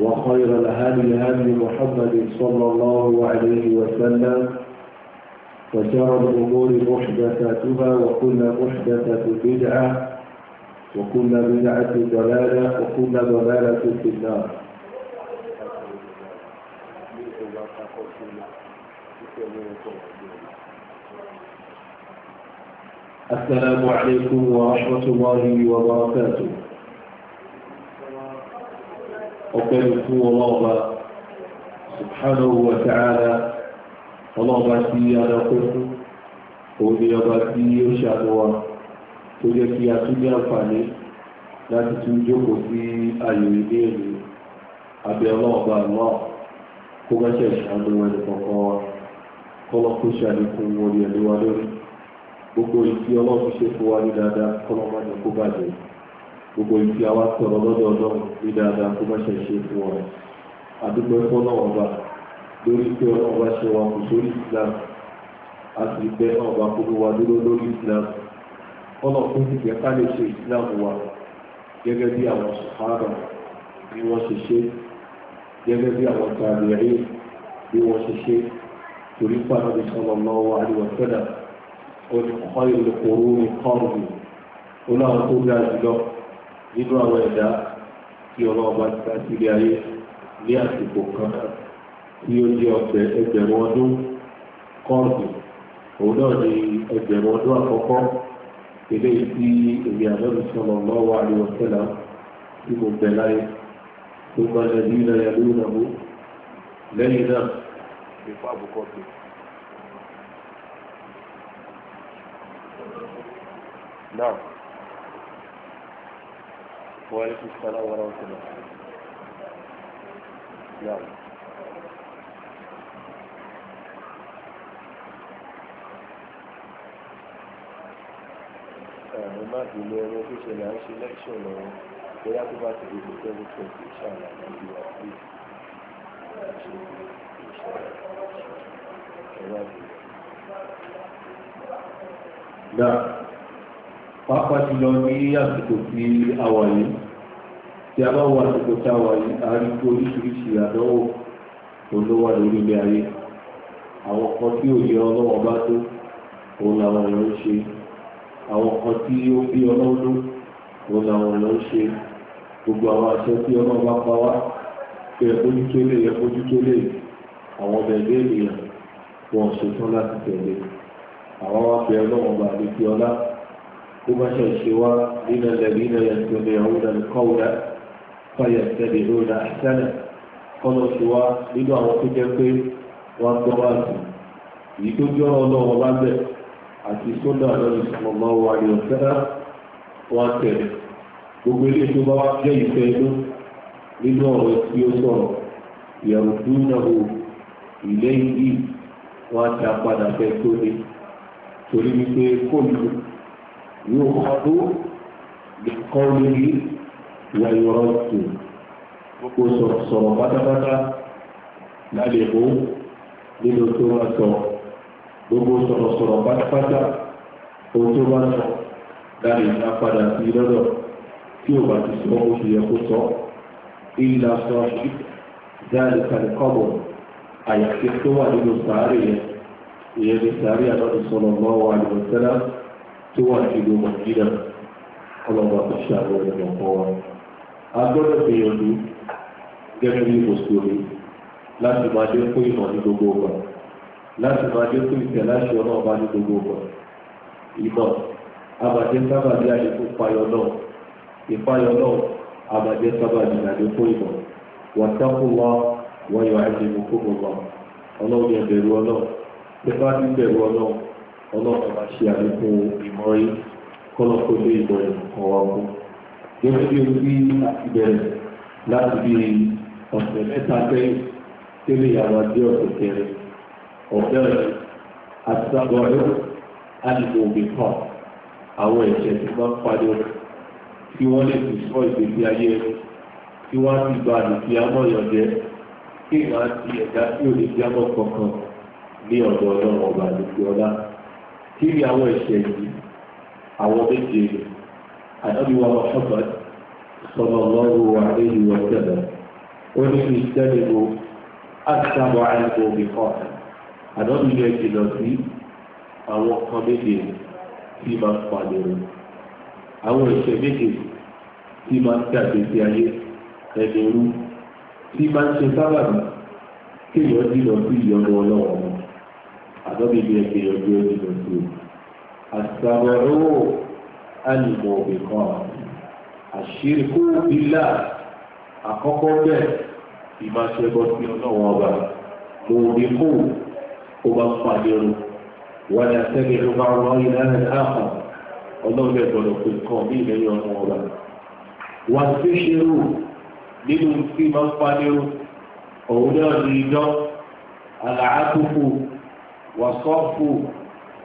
وخير الهدي هدي محمد صلى الله عليه وسلم وشر الأمور محدثاتها وكل محدثة بدعة وكل بدعة ضلالة وكل ضلالة في النار السلام عليكم ورحمة الله وبركاته ọpẹ́ ló fún ọlọ́ọ̀bá subhanahu wa ta'ala ọlọ́ọ̀bá tí adákọ́ fún òun ni ọba tí ó ṣàánú wa tó jẹ́ kí a tún ní àǹfààní láti tún jókòó sí ayò ilé ìlú abẹ́ ọlọ́ọ̀bá náà kó gáṣẹ́ ìṣàánú ẹni kọ̀ọ̀kan wa kọ́lọ́ kó ṣàlékún orí ẹ̀lú wa lórí gbogbo ìfi ọlọ́ọ̀fi ṣe fún wa ní dáadáa kọ́lọ́ má jẹ́ kó bàjẹ́ yìí gbogbo ìfi àwa sọ̀rọ̀ lọ́dọ̀ ọlọ́run ní dáadáa kó má ṣe ṣe fún ọ àdúgbò ẹ̀kọ́ náà wọ́n bá lórí pé ọlọ́run bá ṣe wa kò sórí Islam a sì bẹ ọba kúrú wa dúró lórí Islam ọlọ́run fún ìgbẹ́ ká lè ṣe Islam wa gẹ́gẹ́ bí àwọn sàárà bí wọ́n ṣe ṣe gẹ́gẹ́ bí àwọn tàbíyàrí bí wọ́n ṣe ṣe torí pàdé bí sallallahu alaihi wa sallam ó ní kọ́ ìlú kòrò ní kọ́ọ̀rù ó nínú àwọn ẹ̀dá tí ọlọ́ọ̀bá ti ká sílé ayé ní àsìkò kan náà tí ó jẹ́ ọ̀pẹ ẹgbẹ̀rún ọdún kọ́ọ̀dù òun náà ni ẹgbẹ̀rún ọdún àkọ́kọ́ eléyìí tí èmi àlọ́dún sọ̀rọ̀ lọ́wọ́ àríwọ̀sẹ́là tí mo bẹ̀ láyé tó máa ń lẹ́bí náà yà lóyún náà mú lẹ́yìn náà ìfọ àbùkọ́ tó. Now. وعليكم السلام ورحمة الله نعم àwọn máa bí ní ẹni tó ṣẹlẹ̀ à ń ṣe lẹ́kṣọ̀n lọ́wọ́ bóyá tó bá ti di tó tẹ́lẹ̀ tó ti ṣàlàyé àti ìwà àti ìṣẹ̀lẹ̀ ẹ̀rọ àti ìṣẹ̀lẹ̀ pàápàá jùlọ ní àsìkò tí a wà yìí tí a bá wọ àsìkò tí a wà yìí a rí pé oríṣiríṣi àdánwò tó ló wà lórí ilé ayé àwọn kan tí òye ọlọ́wọ́ bá tó òun làwọn èèyàn ń ṣe àwọn kan tí ó bí ọlọ́dún òun làwọn èèyàn ń ṣe gbogbo àwọn àṣẹ tí ọlọ́wọ́ bá pa wá pé ẹ̀kójútó lè ẹ̀kójútó lè àwọn ọmọ ẹgbẹ́ ènìyàn wọn ṣetán láti tẹ̀lé àwọn wá pé ọlọ́wọ́ bá lè fi ọlá ثم شوى من الذين يستمعون القول فيتبعون أحسنه قال شوى من أوقفك والضرات يتجرى الله بعد àti sọ́dà lọ́dún sọmọ́mọ́ wa ní ọ̀sẹ́dá wọn tẹ̀lé gbogbo ilé tó bá wá jẹ́ ìfẹ́ inú nínú ọ̀rọ̀ tí ó sọ̀rọ̀ ìyàwó tó ń náwó ilé yìí wọn á ta padà fẹ́ tó ní torí wípé kóòlù يؤخذ بقوله ويرد gbogbo sọ̀rọ̀ pátápátá lálẹ́ ìbò nínú tó bá sọ gbogbo sọ̀rọ̀ sọ̀rọ̀ pátápátá ohun tó bá sọ lálẹ́ ìta padà sí lọ́dọ̀ tí ò bá ti sọ ó yẹ kó sọ ìlà sọ dáàlì kàlí kọ́bọ̀ àyàfi tó wà nínú sàárè yẹn ìyẹn ní sàárè àlọ́dún sọ̀rọ̀ mọ́ wa àlùmọ̀tẹ́lá tí wọ́n ti lo mọ̀jìnà ọlọ́wọ́ tó ṣe àwọn ènìyàn kan wa. a gbọ́dọ̀ gbìyànjú gẹ́gẹ́ bí mùsùlùmí láti máa dé fún ìmọ̀ ní gbogbo ọgbà láti máa dé fún ìtẹ̀ láti ọ̀nà ọba ní gbogbo ọgbà. ìmọ̀ àbàjẹ́ sábàbí àdékún payọ̀ náà ìpayọ̀ náà àbàjẹ́ sábàbí àdékún ìmọ̀ wàtákùnwá wọ́n yọ àìsàn ìmọ̀kùnmọ̀ ọlọ́run ẹ̀bẹ̀rù ọlọ́run ọlọ́run bá ṣe àlékún ìmọ̀ yìí kọ́lọ̀ tó lé ìmọ̀ ẹ̀kọ́ wa kú. gẹ́gẹ́ bí o rí àti bẹ̀rẹ̀ láti bí ọ̀sẹ̀ mẹ́ta pẹ́yì tẹ́lẹ̀ ìyàwó adé ọ̀sẹ̀ kẹrin ọ̀bẹ àtàgbọ̀rẹ́ àlùkò òbí kan àwọn ẹ̀ṣẹ̀ tí wọ́n padà tí wọ́n lè fi sọ ìgbésí ayé ẹni tí wọ́n á ti gba àdùkí amọ̀yànjẹ́ kí wọ́n á ti ẹ̀dá tí ò ní jábọ̀ kankan ní ọ̀dọ̀ ọlọ́run ọba àdùkí ọlá kí ni àwọn ẹ̀ṣẹ̀ yìí àwọn méje àdábíwá Muhammad sallallahu alaihi wa sallam ó ní ìtẹ́lẹ̀mọ́ àtàwọn àìkò òmìkọ́ àdábíwá ìjìnà sí àwọn kan méje tí máa ń pàdérò àwọn ẹ̀ṣẹ̀ méje tí máa ń dàgbé sí ayé ẹ̀dẹ̀rú tí máa ń ṣe sábàbí kéèyàn dìnà sí ìyọnu ọlọ́wọ́ àdọ́bí ilé ẹgbẹ́ ọjọ́ ìlú tó àtàwọ̀rọ̀ alìmọ̀ òbíkan àṣírikú bílà àkọ́kọ́ bẹ́ẹ̀ ìmáṣẹ́gbọ́ sí ọlọ́wọ́ ọba mo rí kó o bá pàdé ọ̀rọ̀ wà ní àtẹ́gẹ́ ló bá wọ́n ìlànà ààfà ọlọ́run bẹ́ẹ̀ gbọ́dọ̀ pé nǹkan ní ìlẹ́yìn ọ̀nà ọba wà sí ṣerú nínú tí máa ń pàdé ọ̀rọ̀ òun náà ní idán àlàáfófó wàsọ́ọ̀fù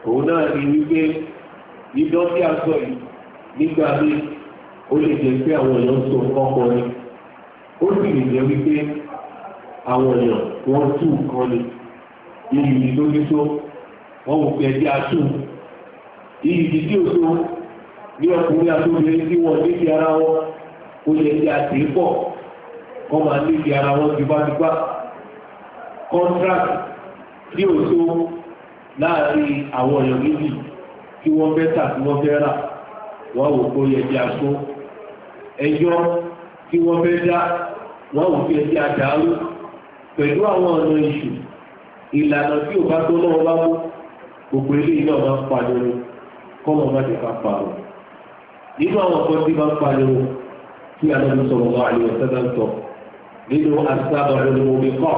òun náà ni wípé idán tí a sọ yìí nígbà mí ó lè jẹ́ pé àwọn èèyàn sọ kọ́kọ́ ni ó sì lè jẹ́ wípé àwọn èèyàn wọ́n tú nǹkan ni iyì ni lórí tó wọ́n wò pé ẹjẹ́ atú iyì ni tí tó ní ọkùnrin àtòbìnrin tí wọ́n níbi ara wọn ó lè jẹ́ àti pọ̀ wọ́n máa níbi ara wọn ju bá tí ó tó láàrin àwọn ọ̀yọ́ níbi kí wọ́n fẹ́ tà kí wọ́n fẹ́ rà wọ́n wò kó yẹ di aṣọ ẹjọ́ kí wọ́n fẹ́ dá wọ́n wò kí yẹ di àdàrú pẹ̀lú àwọn ọ̀nà ìṣù ìlànà tí ò bá tó lọ́wọ́ bá mú gbogbo eléyìí náà máa ń pariwo kọ́mọ má ti ká pariwo nínú àwọn kan tí máa ń pariwo tí anábì sọ̀rọ̀ wà ní ọ̀sẹ̀ náà sọ nínú àti sábà olùmọ̀mí kọ́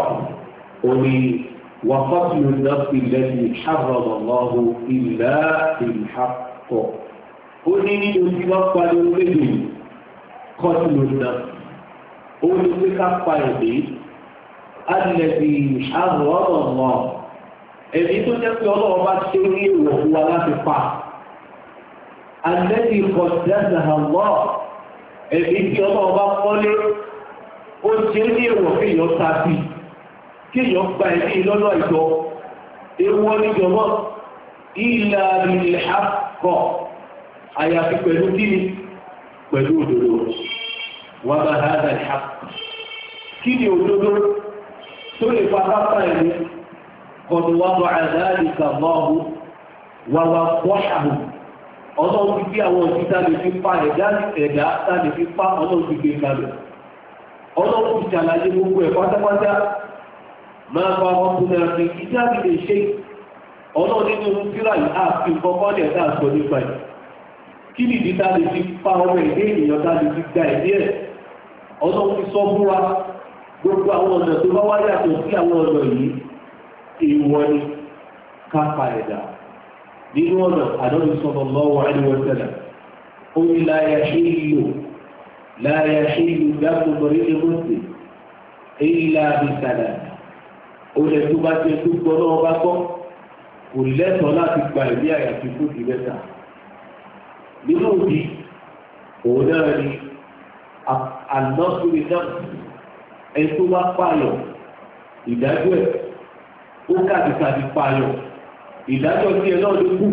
òní وقتل النفس التي حرم الله إلا بالحق قلني يتوقع للمدين قتل النفس قل تكفى يدي الذي حرم الله èyí tó jẹ́ pé ọlọ́wọ́ bá ṣe ní èèwọ̀ fún wa láti pa àlẹ́bí kọ̀dẹ́sà àlọ́ èyí tí ọlọ́wọ́ bá kọ́lé ó ṣe ní èèwọ̀ fún èèyàn tàbí kéèyàn gba ẹ̀mí lọ́nà ìjọ ewọ́ níjọmọ́ ìlà ìlẹ̀ha kọ̀ àyàfi pẹ̀lú kíni pẹ̀lú òdodo wà bá ha dà ìhà kíni òdodo tó lè fa pápá ẹ̀mí kọ̀dù wà bọ̀ àdáàlì kàmọ́ọ̀hù wà wà pọ́ṣàhù ọlọ́run bí àwọn òṣìṣẹ́ lè fi pa ẹ̀dá ẹ̀dá tá lè fi pa ọlọ́run ti gbé kalẹ̀ ọlọ́run ti ṣàlàyé gbogbo ẹ̀ pátápátá máa bá ọkùnrin àti ìjáde lè ṣe ọ̀nà nínú tíra àti ìfọkọ́ lẹ̀ dáa sọ nípa ẹ̀ kí ni ìdíta lè fi pa ọmọ ìdí ènìyàn tá lè fi gba ẹ̀dí ẹ̀ ọ̀nà ti sọ fúnra gbogbo àwọn ọ̀nà tó bá wáyé àtọ̀ sí àwọn ọ̀nà yìí èèwọ̀ ni ká ẹ̀dá nínú ọ̀nà àdọ́bí sọ̀rọ̀ lọ́wọ́ àdìwọ̀sẹ̀lẹ̀ ó ní láyà ṣe é láyà ṣe é olè tó bá ṣe tó gbọ́ náà bá gbọ́ kò lẹ́tọ̀ọ́ láti gba ìwé àyàfi fún ti mẹ́ta nínú òbí òun náà ni ànásùnrin náà ẹni tó bá pààyàn ìdájọ́ ẹ̀ ó kàdìkàdì pààyàn ìdájọ́ tí ẹ náà ló kù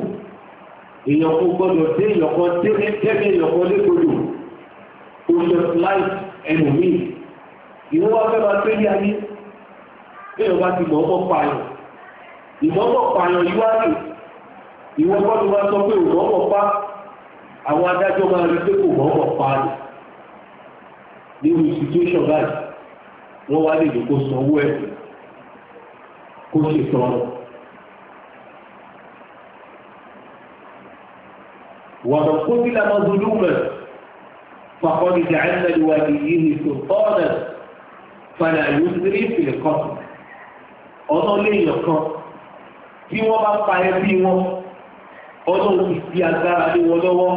èèyàn kò gbọ́dọ̀ dé èèyàn kan dé ẹgbẹ́ èèyàn kan lékodò ó lọ láì ẹnu míì ìwọ́n wá fẹ́ máa pé ní ayé bẹ́ẹ̀ wá ti mọ̀ọ́mọ́ pààyàn ìmọ̀ọ́mọ́ pààyàn yíwájú ìwọ bọ́ọ̀lù máa sọ pé òmọ̀ọ́mọ́ pa àwọn adájọ́ máa rí pé kò mọ̀ọ́mọ́ pààyàn nínú situation báyìí wọ́n wá lè dòkó sanwó ẹ̀ kó ṣe tọrọ. wọ̀nà kó nílà máa dúdú mẹ́ fàkọ́ni jàǹdà ìwádìí yìí ní sọ̀tọ́ọ̀nà fàlàyé sírí ọ̀nà léèyàn kan tí wọ́n bá pa ẹbí wọn ọlọ́run ti fi agbára lé wọn lọ́wọ́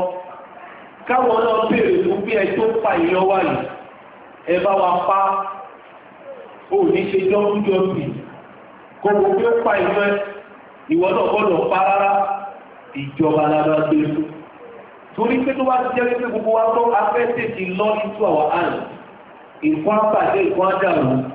káwọn náà béèrè fún bí ẹ tó pa ìyọ́ wà yìí ẹ bá wa pa ó ní ṣe jọ́kújọ́ sí kó wo bí ó pa ìyọ́ ẹ ìwọ náà gbọ́dọ̀ pa rárá ìjọba lára gbé fún e. torí pé tó bá ti jẹ́ pé gbogbo wa tó afẹ́ tètè lọ into our hands nǹkan àbàdé nǹkan àdàrú.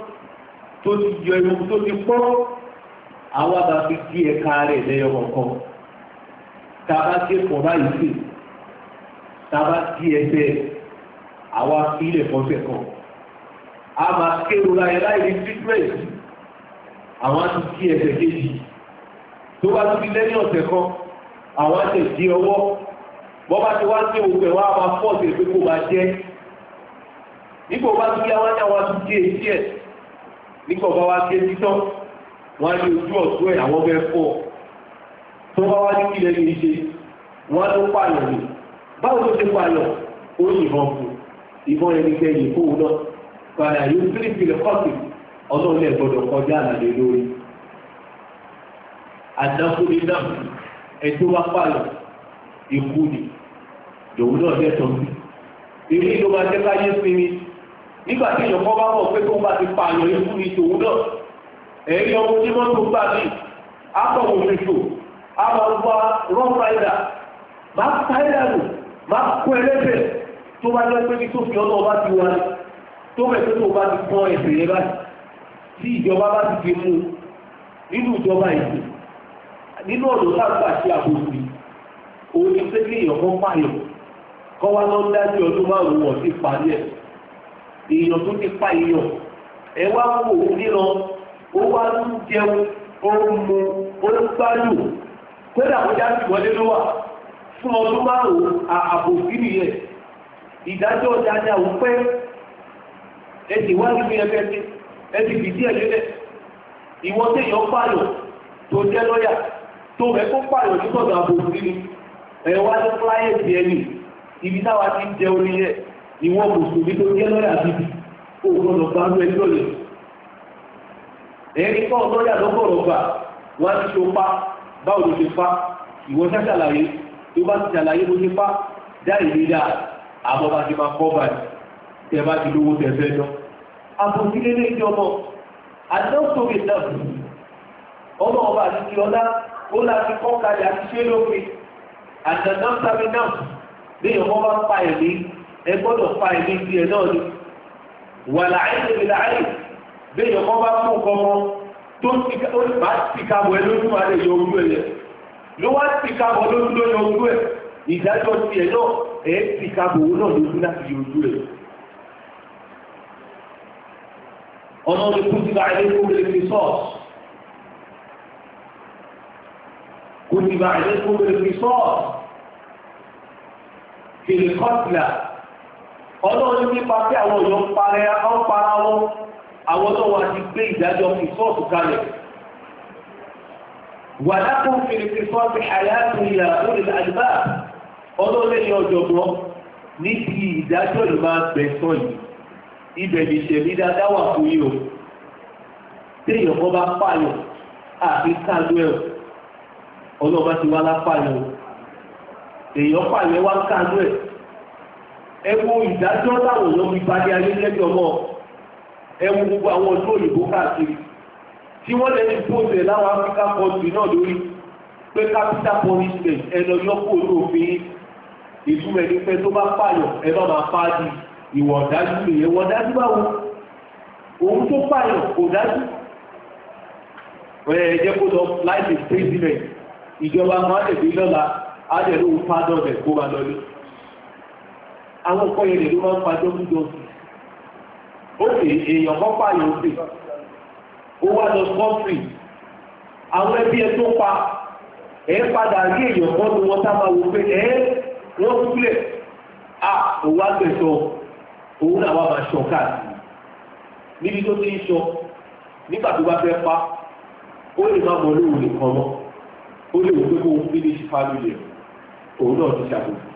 tó ti yọ ewu tó ti pọ́ àwọn àbá fi di ẹ̀ka rẹ̀ lẹ́yọ kọ̀ọ̀kan tá a bá gé pọ̀ báyìí sí tá a bá di ẹsẹ̀ àwa fi fọ́sẹ̀ kan a máa kéwòn láyé láì ní treatment àwọn á ti di ẹsẹ̀ kejì tó bá ti di lẹ́yìn ọ̀sẹ̀ kan àwọn á tẹ̀ di ọwọ́ bọ́ bá ti wá sí òkú ẹ̀ wá máa fọ́ọ̀sì pé kó máa jẹ́ nígbà bá ti yá wájà wá tún dé etí ẹ̀ nígbà ọba wa ké títọ́ wọ́n ní ojú ọ̀tún ẹ̀ àwọn ọbẹ̀ fọ́ tó bá wá ní kílẹ̀ ní ṣe wọ́n ló pààyàn ni báwo ló ṣe pààyàn ó yìnbọn fún ìbọn ẹni kẹyìn fóun náà padà yóò tún ìpìlẹ̀ kọ́ọ̀tù ọlọ́run ẹ̀ gbọ́dọ̀ kọjá àlàyé lórí àdáfúnni náà ẹjọ́ wá pààyàn ikú ni lòun náà lẹ́tọ̀ọ́ sí èyí ló máa jẹ́ káyé sinmi nígbà tí ìyọ̀kọ́ bá mọ̀ pé tó ń bá ti pa àyàn ikú ní ìṣòwò náà ẹ̀yìn ọmọ tí wọ́n tó gbà mí akọ̀wò fìṣò àwọn ọgbà rough rider máa ń táyà lò máa ń kó ẹlẹ́bẹ̀ tó bá jẹ́ pé ní tó fi ọ̀nà ọba ti wá ní tó bẹ̀ tó tó bá ti pọ́n ẹ̀sẹ̀ yẹn báyìí tí ìjọba bá ti fi mú nínú ìjọba ìlú nínú ọ̀dọ̀ lágbà sí àbòsí èèyàn tó ti pa èèyàn ẹ wá wò ó níran ó wá ń jẹun ó ń mu ó ń gbádùn kódà ó já sí wọlé ló wà fún ọdún márùn-ún ààbò sí nìyẹn ìdájọ́ dáadáa ò pẹ́ ẹ sì wá níbi ẹgbẹ́ sí ẹ sì fìdí ẹ̀ lélẹ̀ ìwọ téèyàn pààyàn tó jẹ́ lọ́yà tó rẹ̀ tó pààyàn nígbọ̀dọ̀ ààbò sí ni ẹ wá ní fúláyẹ̀sì ẹni ibi táwa ti jẹun nìyẹn ìwọ mùsùlùmí tó jẹ́ lọ́yà bíbí kó o gbọ́dọ̀ bá rú ẹjọ́ yẹn ẹ̀rí kọ́ lọ́yà lọ́gọ́rọ̀ gbà wọ́n ti ṣe pa báwo ló ṣe pa ìwọ ṣàṣàlàyé tó bá ti ṣàlàyé bó ṣe pa dá ìlera àbọ̀ bá ti máa kọ́ báyìí tẹ́ bá ti lówó tẹ́ fẹ́ lọ. àbòsílẹ̀ lè jọ mọ́ àdókòwé náà ọmọ ọba àti ti ọlá ó láti kọ́ kalẹ̀ àti ṣé lópin àdàdàn ẹ gbọ́dọ̀ fa ìlú ti ẹ̀ náà ni wà láàyè mi láàyè bẹ́ẹ̀ yọkọ́ bá fún ọkọ wọn tó ti ká ó bá ti ká bọ̀ ẹ lójú wa lè yọ ojú ẹ yẹ ló wá ti ká bọ̀ lójú ló yọ ojú ẹ ìdájọ́ ti ẹ̀ náà ẹ ti ká bọ̀ owó náà lójú láti yọ ojú ẹ. ọ̀nà òde kú ti bá ẹ lókun lè fi sọ́ọ̀sì kú ti bá ẹ lókun lè fi sọ́ọ̀sì kìlì kọ́tìlà ọlọ́run nípa pé àwọn èèyàn ń para wọn àwọn ọlọ́run àti gbé ìdájọ́ ìfọ́ọ̀tù kalẹ̀ wàlákùn fèrèsìfọ́ ti àyàtò ìyà lórí àdìbà ọlọ́lẹ́yìn ọ̀jọ̀gbọ́n níbi ìdájọ́ ìlú máa gbẹ̀sán yìí ibẹ̀ lè ṣẹ̀mí dáadáa wà fún yìí o téèyàn kan bá pààyàn àfi káàdó ẹ̀ ọlọ́ba ti wá lápààyàn èèyàn pààyàn wá káàdó ẹ̀ ẹwọ ìdájọ́ táwọn èèyàn fi parí ayé lẹ́jọ́ náà ẹwọ gbogbo àwọn ọdún òyìnbó káàkiri tí wọ́n lẹ́ni pòsè láwọn Africa country náà lórí pé capital punishment ẹnà yọkó ní òfin ìtumọ̀ ẹni pé tó bá pààyàn ẹ bá máa pa á di ìwà ọ̀dájú nìyẹn wọ́n dájú báwo òun tó pààyàn kò dájú ẹ jẹ́ kó lọ láìsí president ìjọba máa ń tẹ̀lé lọ́la á dẹ̀ lóun pardon ẹ̀ kó máa lọ lé àwọn nǹkan yẹn lè ló máa ń pa jọ́gúdọ́ òkè èèyàn kan pààyàn òkè ó wá lọ kọ́ńtì àwọn ẹbí ẹ tó pa ẹ padà rí èèyàn kan ní wọn tá máa wò pé ẹ wọn kúlẹ̀ à òun àgbẹ̀sọ òun náà wà máa ṣọ káàkiri níbi tó ti ń ṣọ nígbà tó bá fẹ́ pa ó lè má mọ olóòwò nìkan mọ́ ó lè wò pé kó o fi ní ṣe fáwọn ilé òun náà ti ṣàkóso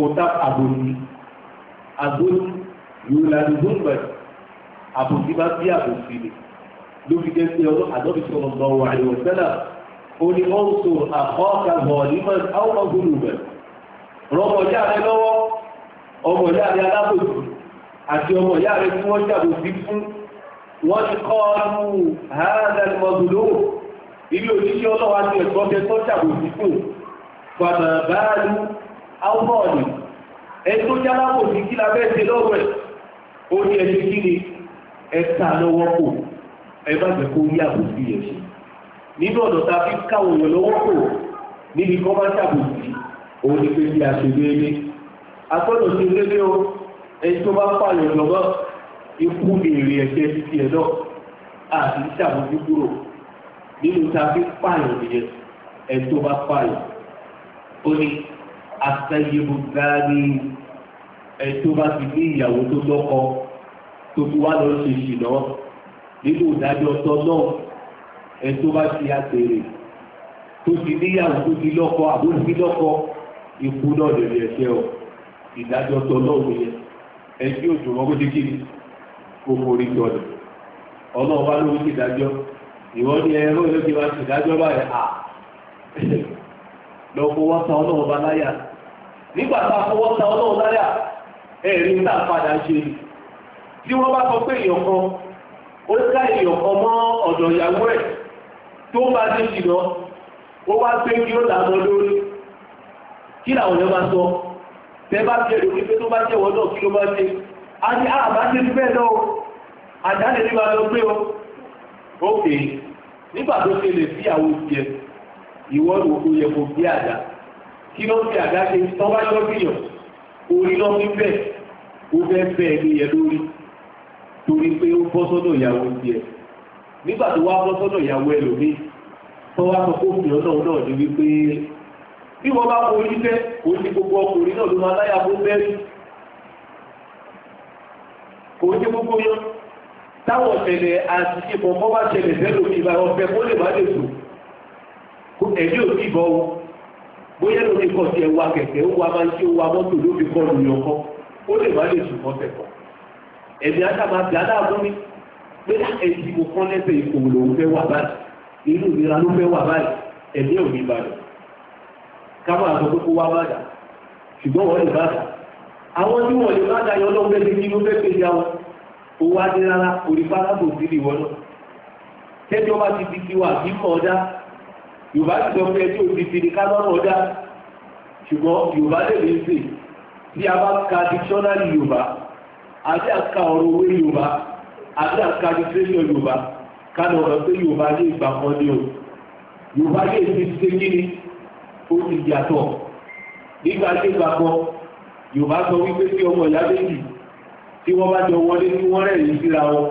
òtá àbòsí àbòsí yóò la ní gbọ́ngbà àbòsí bá bí àbòsí ni ló fi jẹ́ pé ọdún àdọ́bí sọ̀rọ̀ gbọ́ wà ní ọ̀sẹ́là ó ní ó ń so àkọ́ọ̀kà bọ̀ nímọ̀ àwọn ọgbọ̀n rẹ̀ rọmọ ìyá rẹ lọ́wọ́ ọmọ ìyá rẹ alábòsí àti ọmọ ìyá rẹ tí wọ́n ti kọ́ ọ́nù hàádàn mọ̀dúlò ilé òṣìṣẹ́ ọlọ́wà ti ẹ̀gbọ́n tẹ́ tọ́jàbòsí àwọn ọ̀nì ẹ̀tọ́ jálábò ní kí la bẹ́ẹ̀ ṣe lọ́wọ́ ẹ̀ ó ní ẹ̀ṣẹ́ kí ni ẹ̀ta lọ́wọ́ kò ẹ̀bá jẹ́ kó rí àbòsí ẹ̀ ṣe nínú ọ̀dọ̀ ta fi káwọn èèyàn lọ́wọ́ kò a ṣe déédé agbọ́dọ̀ ṣe déédé o ẹni tó bá pààyàn lọ́gọ́ ikú ni èrè ẹ̀ṣẹ̀ títí ẹ̀ náà àti ṣàbòsí kúrò nínú ta fi pààyàn nìyẹn ẹni tó bá pààyàn ó ní àtẹ̀yìnbó gbáàrí ẹ̀ tó bá ti ní ìyàwó tó lọ́kọ tó fi wá lọ ṣe ṣìnà nínú ìdájọ́ ọ̀tọ̀ náà ẹ̀ tó bá ti àtẹ̀rẹ̀ tó ti níyàwó tó ti lọ́kọ àbójú ti lọ́kọ ikú náà lè rí ẹ̀ṣẹ̀ ọ̀ ìdájọ́ ọ̀tọ̀ náà wò yẹ ẹ̀ tí òjò wọn kó ti kí ni kó forí jọ̀dọ̀ ọlọ́ọ̀bá ló ń ṣèdájọ́ ìwọ́n ní ẹ̀rọ ìlú ti máa ṣèdájọ́ báyìí à lọ́kọ̀ wá sa ọlọ́ọ̀bá láyà nígbà tá a fọwọ́ ta ọlọ́run láyà ẹ̀rí tá a padà ṣe tí wọ́n bá sọ pé èèyàn kan ó ká èèyàn kan mọ́ ọ̀dọ̀ ìyàwó ẹ̀ tó bá dé jùlọ ó wá gbé kí ó là mọ́ lórí kí làwọn yẹn bá sọ tẹ bá jẹ lórí pé tó bá jẹ wọn náà kí ló bá ṣe a ní àbá ah, ṣe ti bẹ́ẹ̀ náà àjáde ní máa lọ gbé o ókè nígbà tó ṣe lè sí àwọn òṣìṣẹ́ ìwọ́n òkú yẹ kó gbé àjà kí ló ń fi àdáṣe tọ́wá lọ́gbìyàn orí lọ́gbìn bẹ́ẹ̀ ó fẹ́ bẹ́ẹ̀ ní yẹ lórí torí pé ó bọ́ sọ́dọ̀ ìyàwó tiẹ̀ nígbà tó wá bọ́ sọ́dọ̀ ìyàwó ẹlòmíì tọ́wá sọ pé òfin ọ̀nà náà ni wípé bí wọ́n bá kó orí fẹ́ kó ní gbogbo ọkùnrin náà ló máa láyà fún bẹ́ẹ̀rì kò ní gbogbo yán táwọn ọ̀sẹ̀lẹ̀ àti ìfọ̀mọ́ bá ṣẹlẹ̀ fẹ́ lómi ìbá ọ̀fẹ́ kó lè má lè sùn ẹ̀mí ò sì bọ́ wọn bóyá ló ní kọ́ sí ẹwà kẹ̀kẹ́ ó wa máa ń ṣe ó wa mọ́tò ló fi kọ́ lùyàn kọ́ ó lè má lè sùn kọ́sẹ̀ kọ́ ẹ̀mí àtàmà bí aláàbọ̀ mi pé ah, ẹ̀sìn mo kọ́ lẹ́sẹ̀ ipò lòun fẹ́ wà báyìí inú ìlera ló fẹ́ wà báyìí ẹ̀mí ò ní balẹ̀ ká máa sọ pé kó wá má dà ṣùgbọ́n wọ́n lè má dà àwọn tí wọ́n lè má dà yọ lọ́gbẹ́ ti kí ló fẹ́ pè ya wọn owó adé rárá orí fárábò sí ìwọ náà tẹ́jọ́ bá ti di tiwa àbí mọ̀ ọ́ dá yorùbá ti sọ pé ẹjọ́ òdìdí ni kálọ́nà ọ̀dá ṣùgbọ́n yorùbá lè lè sè bí a bá ka dictionary yorùbá àti àka ọ̀rọ̀ owó yorùbá àti àka dictation yorùbá kánà ọ̀rọ̀ pé yorùbá lè gbà kan ní o yorùbá lè fi ṣe kí ni ó ti yàtọ̀ nígbà tí ìgbà kan yorùbá sọ wípé tí ọmọ ìyá méjì tí wọ́n bá jọ wọlé tí wọ́n rẹ̀yìn síra wọn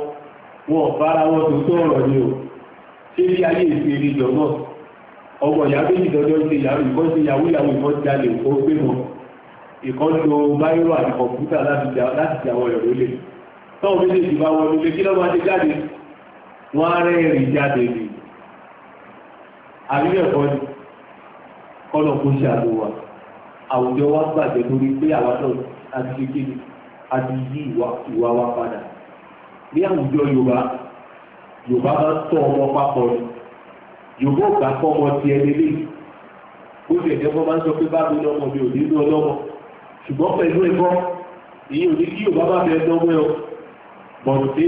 wọn ò bára wọn tó tó ọ̀rọ̀ ni o ṣé bí ayé ìsinmi jọ náà ọmọ ìyàwó ìdọ́jọ́ ṣe ìyàwó ìkan ṣe ìyàwó ìyàwó ìkan jalè ó gbé mọ́ ìkan lo báírò àti kọ̀ǹpútà láti ti àwọn ẹ̀rọ lè tọ́wọ́ méjèèjì bá wọnú lé kí lọ́ máa ti jáde wọ́n á rẹ́rìn jáde nì àríwẹ̀ kan ni kọ́nà kó ṣe àlò wa àwùjọ wa gbàgbé lórí pé àwa náà àti ṣe kí ni a ti yí ìwà wa padà ní àwùjọ Yorùbá Yorùbá yòówó gbà kọ́ ọmọ ti ẹni lé ó lè jẹ́ kó máa ń sọ pé bá mi lọ́mọ mi ò ní lọ lọ́mọ ṣùgbọ́n pẹ̀lú ẹ̀kọ́ ìyẹn ò ní kí yorùbá bá bẹ lọ́mọ ẹ bọ̀rù dé bí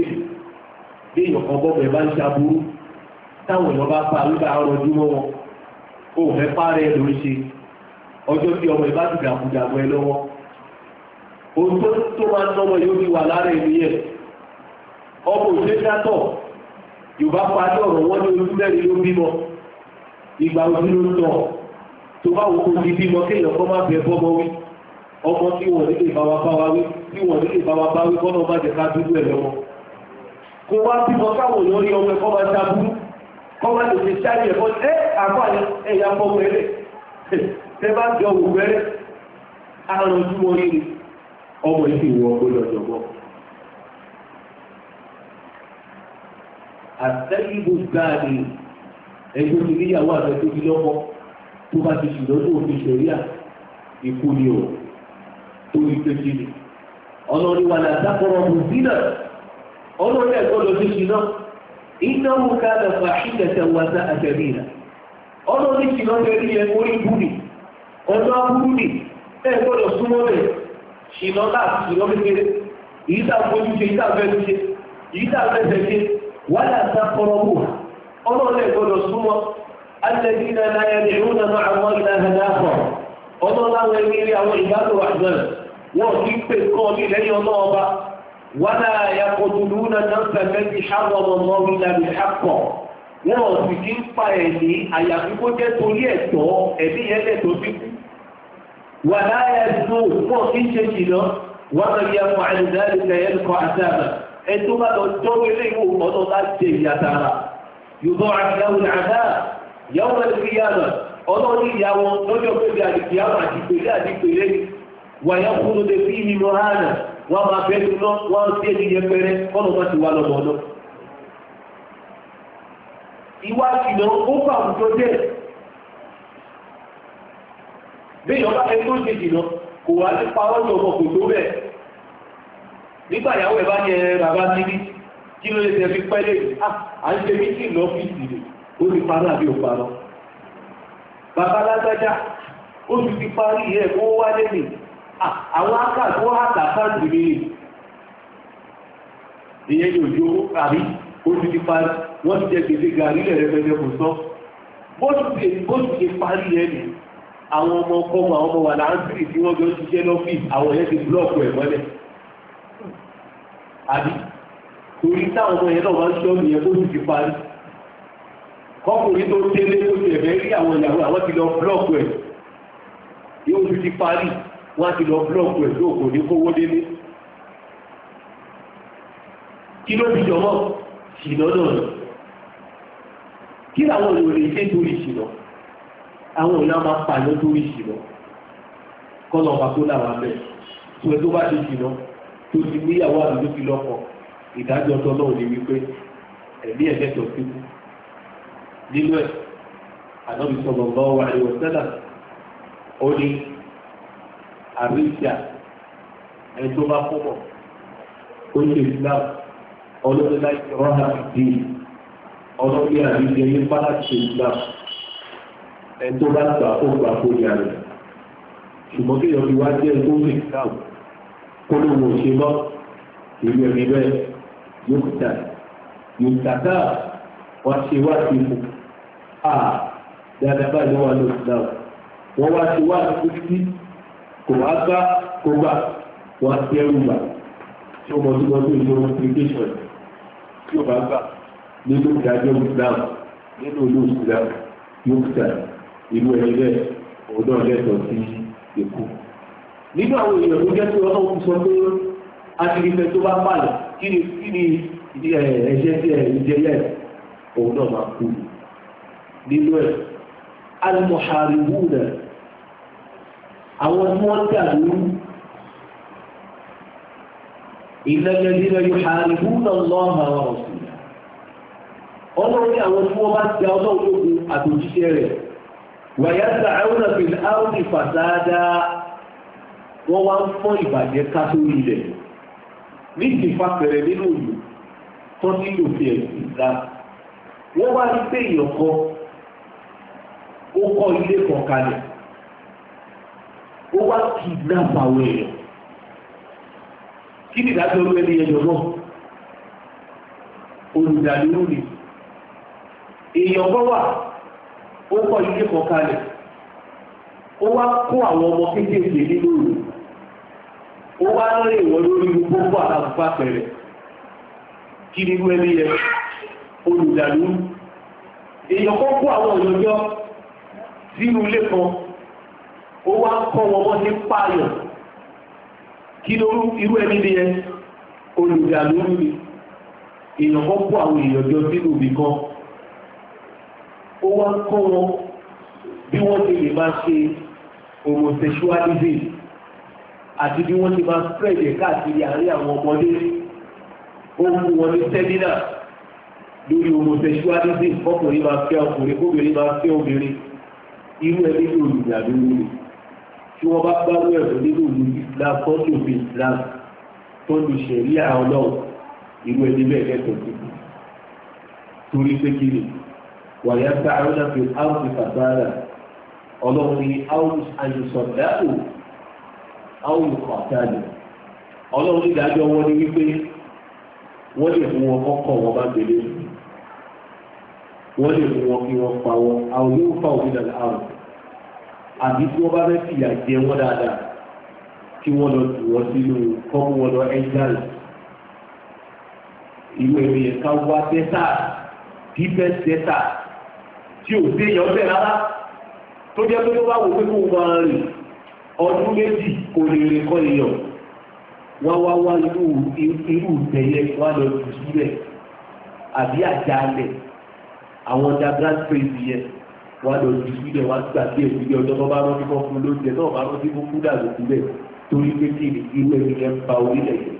èèyàn kan bọ́ bẹ̀ bá ń ṣaburú táwọn èèyàn bá pa wípé àwọn ọdún mọ́ wọn òun fẹ́ párẹ́ ló ń ṣe ọjọ́ tí ọmọ ìbá ti dàbùdàbù ẹ lọ́wọ́ yorùbá parí ọ̀rọ̀ wọn ní ojú mẹ́rin ló bímọ ìgbà ojú ló tọ̀ tó bá wò ó di bímọ kéèyàn kọ́ má bẹ bọ́mọ wí ọmọ tí wọ́n nílé ìbáwa bá wa wí tí wọ́n nílé ìbáwa bá wí kọ́ náà má jẹ ká dúdú ẹ̀ lọ́wọ́ kó wá bímọ káwọn èèyàn rí ọmọ ẹ̀kọ́ máa ṣàbú kọ́ má lè ṣe ṣáàyè ẹ̀kọ́ ẹ àbáyé ẹ̀yà fọ́ mẹ́rẹ̀ tẹ bá jọ wù mẹ́rẹ̀ àrùn àtẹ́yìnbó gbáàdì ẹgbẹ́ ti níyàwó àtẹ́tóbi lọ́kọ́ tó bá ti ṣùgbọ́n tó fi ṣẹ̀ríà ikú ni o tó rí pé ni ọlọ́run wà látàkọ̀rọ̀ ọ̀hún sínà ọlọ́run ẹ̀kọ́ lọ sí ṣìnà iná wù ká lọ fà sá rà orí bú ni ọjọ́ ni ẹ gbọ́dọ̀ súnmọ́ bẹ̀ láti kékeré ìyíta fojú ولا تقربوها ọlọ́run lè gbọ́dọ̀ súnmọ́ alẹ́dínà láyé ní ìrúnà máa àwọn ìlànà àkọ́ ọlọ́run láwọn ẹni ilé àwọn ìbádọ̀ àjọyọ̀ wọn kì í pè kọ́ ní lẹ́yìn ọlọ́ọba wàlá yakọ̀tùlù náà náà fẹ̀fẹ́ ti ṣàwọn ọmọ ìlànà àkọ́ wọn sì kì í pa ẹ̀mí àyàfi kó jẹ́ torí ẹ̀tọ́ ẹ̀mí yẹn lẹ̀ tó bí kú wàlá ẹ̀dùn ẹtú bá lọ jọ́wọ́ ilé ìwò ọ̀tọ̀ tá jẹ ìyá tààrà yùbọ̀ àdáwò àdá yàwó ẹlẹ́fìyàmà ọlọ́ọ̀ni ìyàwó lọ́jọ́ pẹ̀lú àdìgbìyàwó àdìgbèlé àdìgbèlé wàyà kúrò lè fi ìní lọ hánà wọ́n máa bẹ́ẹ̀ tó lọ wọ́n sí ẹni yẹpẹrẹ kọ́nà má ti wà lọ́mọ lọ. ìwà ìnà ó fà jẹ́ bí ìyọba ẹni tó jìnà kò wá nípa ọjọ́ ọmọ kò tó bẹ́ẹ̀ nígbà ìyàwó ẹ̀ bá ní ẹ bàbá síbí kí ló lè tẹ́ fi pẹ́lẹ̀ ah, à ń ṣe mítì lọ́fíìsì rẹ̀ ó ti parọ́ àbí ò parọ́ bàbá lágbájá ó ti ti parí ẹ̀ kó wálé nì ah, àwọn akáàtú àtàkàtù mi ni ìyẹn yóò jó àrí ó ti ti parí wọ́n ti jẹ gbèsè gàrí lẹ̀rẹ̀ fẹ́fẹ́ kò sọ bó ti ti parí ẹ̀ nì àwọn ọmọ ọkọ̀ àwọn ọmọ wà láńtìrì tí wọ́n jọ ń ṣiṣẹ́ lọ́fíìsì àwọn yẹn ti búlọ̀kù ẹ̀ mọ́lẹ̀ àbí torí táwọn ọmọ yẹn náà wọ́n ṣọ́ mi yẹn tó ti fi parí kọkùnrin tó tẹ́lẹ̀ tó ti ẹ̀fẹ́ rí àwọn ìyàwó àwọn ti lọ blọ́ọ̀kù ẹ̀ yóò ti ti parí wọ́n ti lọ blọ́ọ̀kù ẹ̀ lóòkò ní kówó délé kí ló ti jọmọ́ ṣìnà náà ni kí làwọn èèyàn lè ṣe torí ṣìnà àwọn èèyàn máa pààyàn torí ṣìnà kọ́ bá kó làwọn abẹ́ tó ẹ tó ti níyàwó àdúgbò fi lọ́kọ ìdájọ́ ọtọ náà ni wípé ẹ̀mí ẹ̀dẹ́tọ̀ sí kú nínú ẹ̀ ànábi sọ̀rọ̀ bá wà ní ọ̀sẹ́là ó ní àríṣà ẹni tó bá fọ́mọ̀ ó ṣe Islam ọlọ́dún láì rọ́nà ìdí ọlọ́dún àríṣà yẹn bá láti ṣe Islam ẹni tó bá gbà ó gbà kó yàrá ṣùgbọ́n kí ìyọ̀bí wá jẹ́ ìgbóhùn Islam kólówó ṣe lọ ìlú ẹni bẹ́ẹ̀ yóò dà yóò dàgbà wá ṣe wá sí ipò a dáadáa báyìí wà ló ti o wọn wá ṣe wá sí sí kò wá gbá kó gbà wá sí ẹrù gbà tí ó mọ tí wọn tó ìlú implication tí ó bá gbà nínú ìdájọ́ Islam nínú ìlú Islam yóò dà ìlú ẹni o ọ̀dọ́ lẹ́tọ̀ọ́ sí ikú nínú àwọn èèyàn ló jẹ́ tí ọlọ́run ti sọ pé ajínigbẹ́ tó bá pààlà kí ni kí ni ẹ̀ṣẹ̀ tí ẹ̀ ń jẹyẹ òun náà máa kú nínú ẹ̀ alimọ̀haribu rẹ̀ àwọn tí wọ́n àwọn tí wọ́n bá ti ọlọ́run lógun àtòjíṣẹ́ rẹ̀ wàyà sàáwùnà fìlà áwùnì fàsáadáa wọ́n wá ń fọ́n ìbàjẹ́ ká sórí ilẹ̀ ní ìfàpẹ̀rẹ̀ nínú ìlú tó ní fi ẹ̀sìn wọ́n wá rí pé èèyàn kan ilé kan kalẹ̀ ó wá kidnap àwọn èèyàn kí ni ìdájọ́ ló ẹni ẹjọ́ náà olùdàlúrú ni èèyàn ilé kan kalẹ̀ wá kó àwọn ọmọ kéékèèké nínú ìlú ó wá lórí ìwọ̀n lórí gbogbo àlàbùpá pẹ̀rẹ̀ kí ni wọ́n ní yẹ olùdàlú èèyàn kan kó àwọn òyìnbó sínú ilé kan ó wá kọ́ wọn wọ́n ní pààyàn kí ló irú ẹni ní yẹ olùdàlú ni èèyàn kan kó àwọn èèyàn jọ sínú ibì kan ó wá kọ́ wọn bí wọ́n ti lè máa ṣe homosexualism àti bí wọ́n ti máa spread ẹ̀ káàkiri àárín àwọn ọmọdé ó mú wọn ní sẹ́mínà lórí homosexualism ọkùnrin máa fẹ́ ọkùnrin obìnrin máa fẹ́ obìnrin irú ẹni ní olùyà lórí rẹ̀ tí wọ́n bá bá wẹ̀ lọ nínú ìlú Islam tọ́jú òfin Islam tó lu ṣẹ̀ríà ọlọ́run irú ẹni bẹ́ẹ̀ lẹ́tọ̀ọ́ sí i torí pé kí ni wàyà sáà ọ̀nà fi áwùsì fàtàrà ọlọ́run ni áwùsì àyùsọ̀ dáhùn àwọn olùkọ́ àtàlẹ̀ ọlọ́run nídàájọ́ wọn ni wípé wọ́n lè mú wọn kọ́kọ́ wọn bá gbélé wọ́n lè mú wọn kí wọ́n pa wọn àwọn yóò fa òfin dàgbà àrùn àbí tí wọ́n bá fẹ́ fìyà jẹ wọ́n dáadáa kí wọ́n lọ tù wọ́n sínú kọ́mú wọn lọ ẹ́ńdáàlì ìwé ìròyìn ká wá tẹ́tà dípẹ́ tẹ́tà tí ò sí èèyàn bẹ̀ rárá tó jẹ́ pé tó bá wò pé kó wọn rìn ọdún méjì kò lè rè kọ́ iyọ̀ wá wá wá irú ìtẹ̀yẹ wá lọ jù sílẹ̀ àbí àjálẹ̀ àwọn dagras praise yẹn wá lọ jù sílẹ̀ wá gbà sí èkú bí ọjọ́ tó bá rántí kọ́ fún lóúnjẹ náà bá rántí fún fúdà ló sílẹ̀ torí pé kí ni irú ẹni yẹn ń ba orílẹ̀ yẹn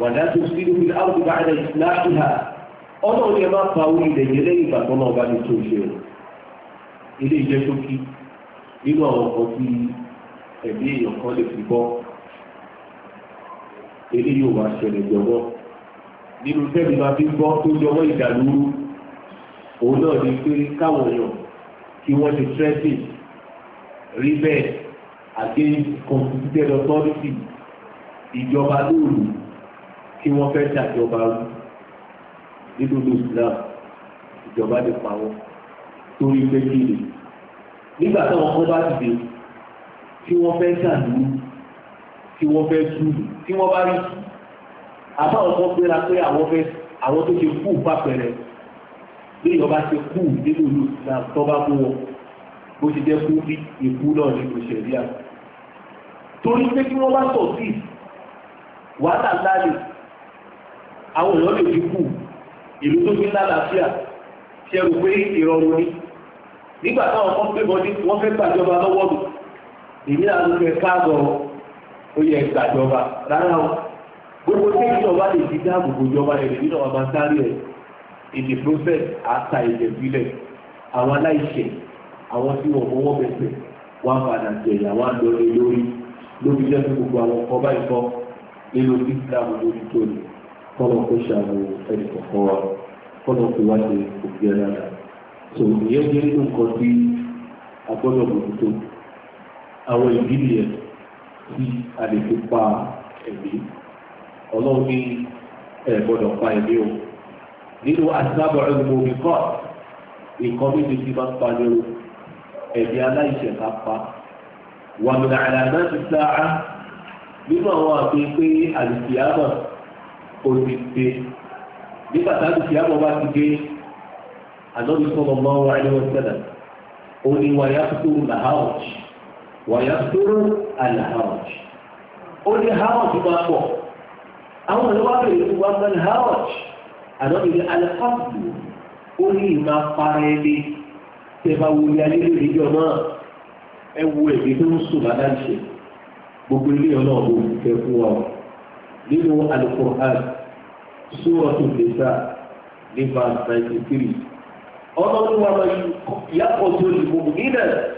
wà láti sílẹ̀ fi áwùjọ bá àdá ìsìláàfíà ọlọ́run yẹn máa ba orílẹ̀ yẹn lẹ́yìn ìgbà tó náà bá ní tó ṣe ilé ìjẹ́ tó nínú àwọn ọkọ̀ ẹ̀mí èèyàn kan lè fi bọ́ èdè yóò wá ṣẹlẹ̀ jọ̀wọ́ nínú tẹ́lẹ̀ máa fi gbọ́ tó jọwọ́ ìdàlúrú òun náà ni pé káwọn èèyàn kí wọ́n ti tẹ́sí rí bẹ́ẹ̀ against constituted authority ìjọba lóòlù kí wọ́n fẹ́ ṣàjọba rú nínú Islam ìjọba lè pa wọn torí pé kí ni nígbà táwọn kan bá ti dé tí wọ́n fẹ́ sàdú tí wọ́n fẹ́ tú tí wọ́n bá rí àbá ọ̀sán gbéra pé àwọn fẹ́ àwọn tó ṣe kú pàpẹrẹ bí ìjọba ṣe kú nínú ìlú náà tó bá mú wọn bó ṣe jẹ́ kú bí ìkú náà nínú ìṣẹ̀lẹ̀ àná torí pé kí wọ́n bá sọ̀ sí wàhálà ńlá lè àwọn èèyàn lè fi kú ìlú tó fi lálàáfíà ṣe rò pé ìrọ̀rùn ni nígbà táwọn kan gbé bọ́dí wọ́n fẹ́ gbàjọba lọ́wọ́ mi èyí náà ló fẹ́ káàbọ̀ ó yẹ gbàjọba rárá o gbogbo tí ìjọba lè ti dáàbò bò jọba rẹ̀ lèmi náà máa sáré ẹ̀ èdè process àta ìjẹ̀ sílẹ̀ àwọn aláìṣẹ̀ àwọn tí wọ́n fọwọ́ bẹ̀sẹ̀ wọ́n padà jẹ̀yà wọ́n lórí lórí lórí jẹ́ fún gbogbo àwọn ọkọ̀ báyìí kọ́ nínú islam lórí tó ní kọ́nà kó ṣàwọn ẹnì kọ̀ọ̀kan wa kọ́nà kó wá ṣe òfin ẹ̀ lára tòun ìyẹn jẹ́ nínú nǹkan tí agbọ́dọ̀ bòtútó àwọn ìdílé ẹ̀ tí a lè fi pa ẹ̀mí ọlọ́run ní ẹ̀ gbọ́dọ̀ pa ẹ̀mí o nínú àtìlábọ̀ ẹ̀gbọ́n omi kọ́ tí pa ní o ẹ̀mí aláìṣẹ̀ ká pa wàmìnà àlànà ti sáà nínú àwọn àfi pé àdìsíyàmọ̀ kò ti dé nígbà tá àdìsíyàmọ̀ bá ti dé sọ̀rọ̀ mọ́ wa ẹni wọ́n wàyàtúrú alhawaj ó ní hawaj bá pọ̀ àwọn olówábẹ̀ yìí wá mọ́ ní hawaj àdọ́bí ní alhawaj ó ní ìmá para ẹni tẹ́fà wuli alílé ìjọ náà ẹ wo èmi tó ń sùn ládàá ṣe gbogbo ilé ọlọ́ọ̀bù fẹ́ fún wa nínú alukur'an suratul nisa ní verse ninety ọlọ́run wa máa yàtọ̀ tó lè mú nílẹ̀.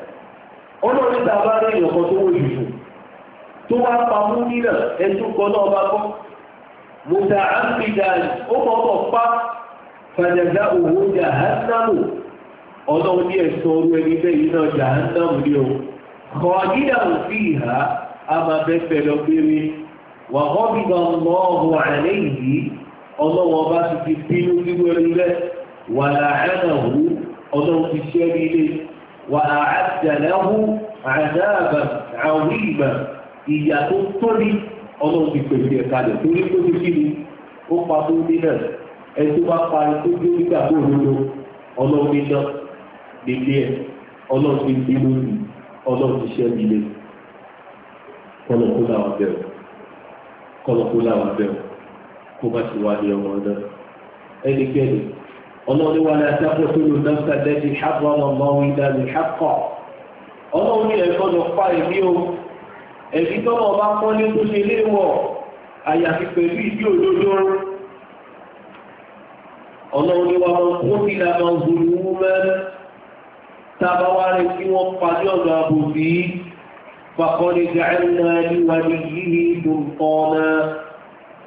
ọlọ́run tá a bá rí ìyọ̀kan tó wọ ìlú tó wá pa nílẹ̀ ẹtún kan náà bá kọ́ ó pa fàjàdá òwò jahannamu ọlọ́run ní ẹ̀sán orú ẹni bẹ́ẹ̀ yìí náà jahannamu ni o kọ́ àdídà òfin ìhà á lọ péré wà ọ́bìbà وأعد له عذابا عظيما ìyà tó tóbi ọlọ́run ti pèsè ẹ̀ka rẹ̀ torí tó ti kí ni ó pa tó ní náà ẹni tó bá pa tó dé nígbà tó lólo ọlọ́run ní náà nílé ẹ̀ ọlọ́run ti bí lórí ọlọ́run ti ṣẹ́ nílé kọlọ̀kó làwọn bẹ̀rù kọlọ̀kó làwọn bẹ̀rù kó má ti wá ní ọmọ náà ẹnikẹ́ni ọlọ́run wà ní atákòtòlù náà lẹ́dí ṣàbọ̀ ọmọ ìdàlù ṣàkọ̀ ọlọ́run ní ẹ̀kọ́ lọ pa ẹ̀mí o ẹ̀mí tọ́lọ̀ bá pọ́n ní tó ṣe léwọ̀ àyàfi pẹ̀lú ìdí òdodo ọlọ́run ní wà wọn kó sí ìlànà ògùnrù wú mẹ́rin tábà wá rẹ̀ kí wọ́n parí ọ̀dọ̀ àbòsí fàkọ́ni jẹ́ ẹ̀rọ náà ní wà ní ìdòǹkọ́ náà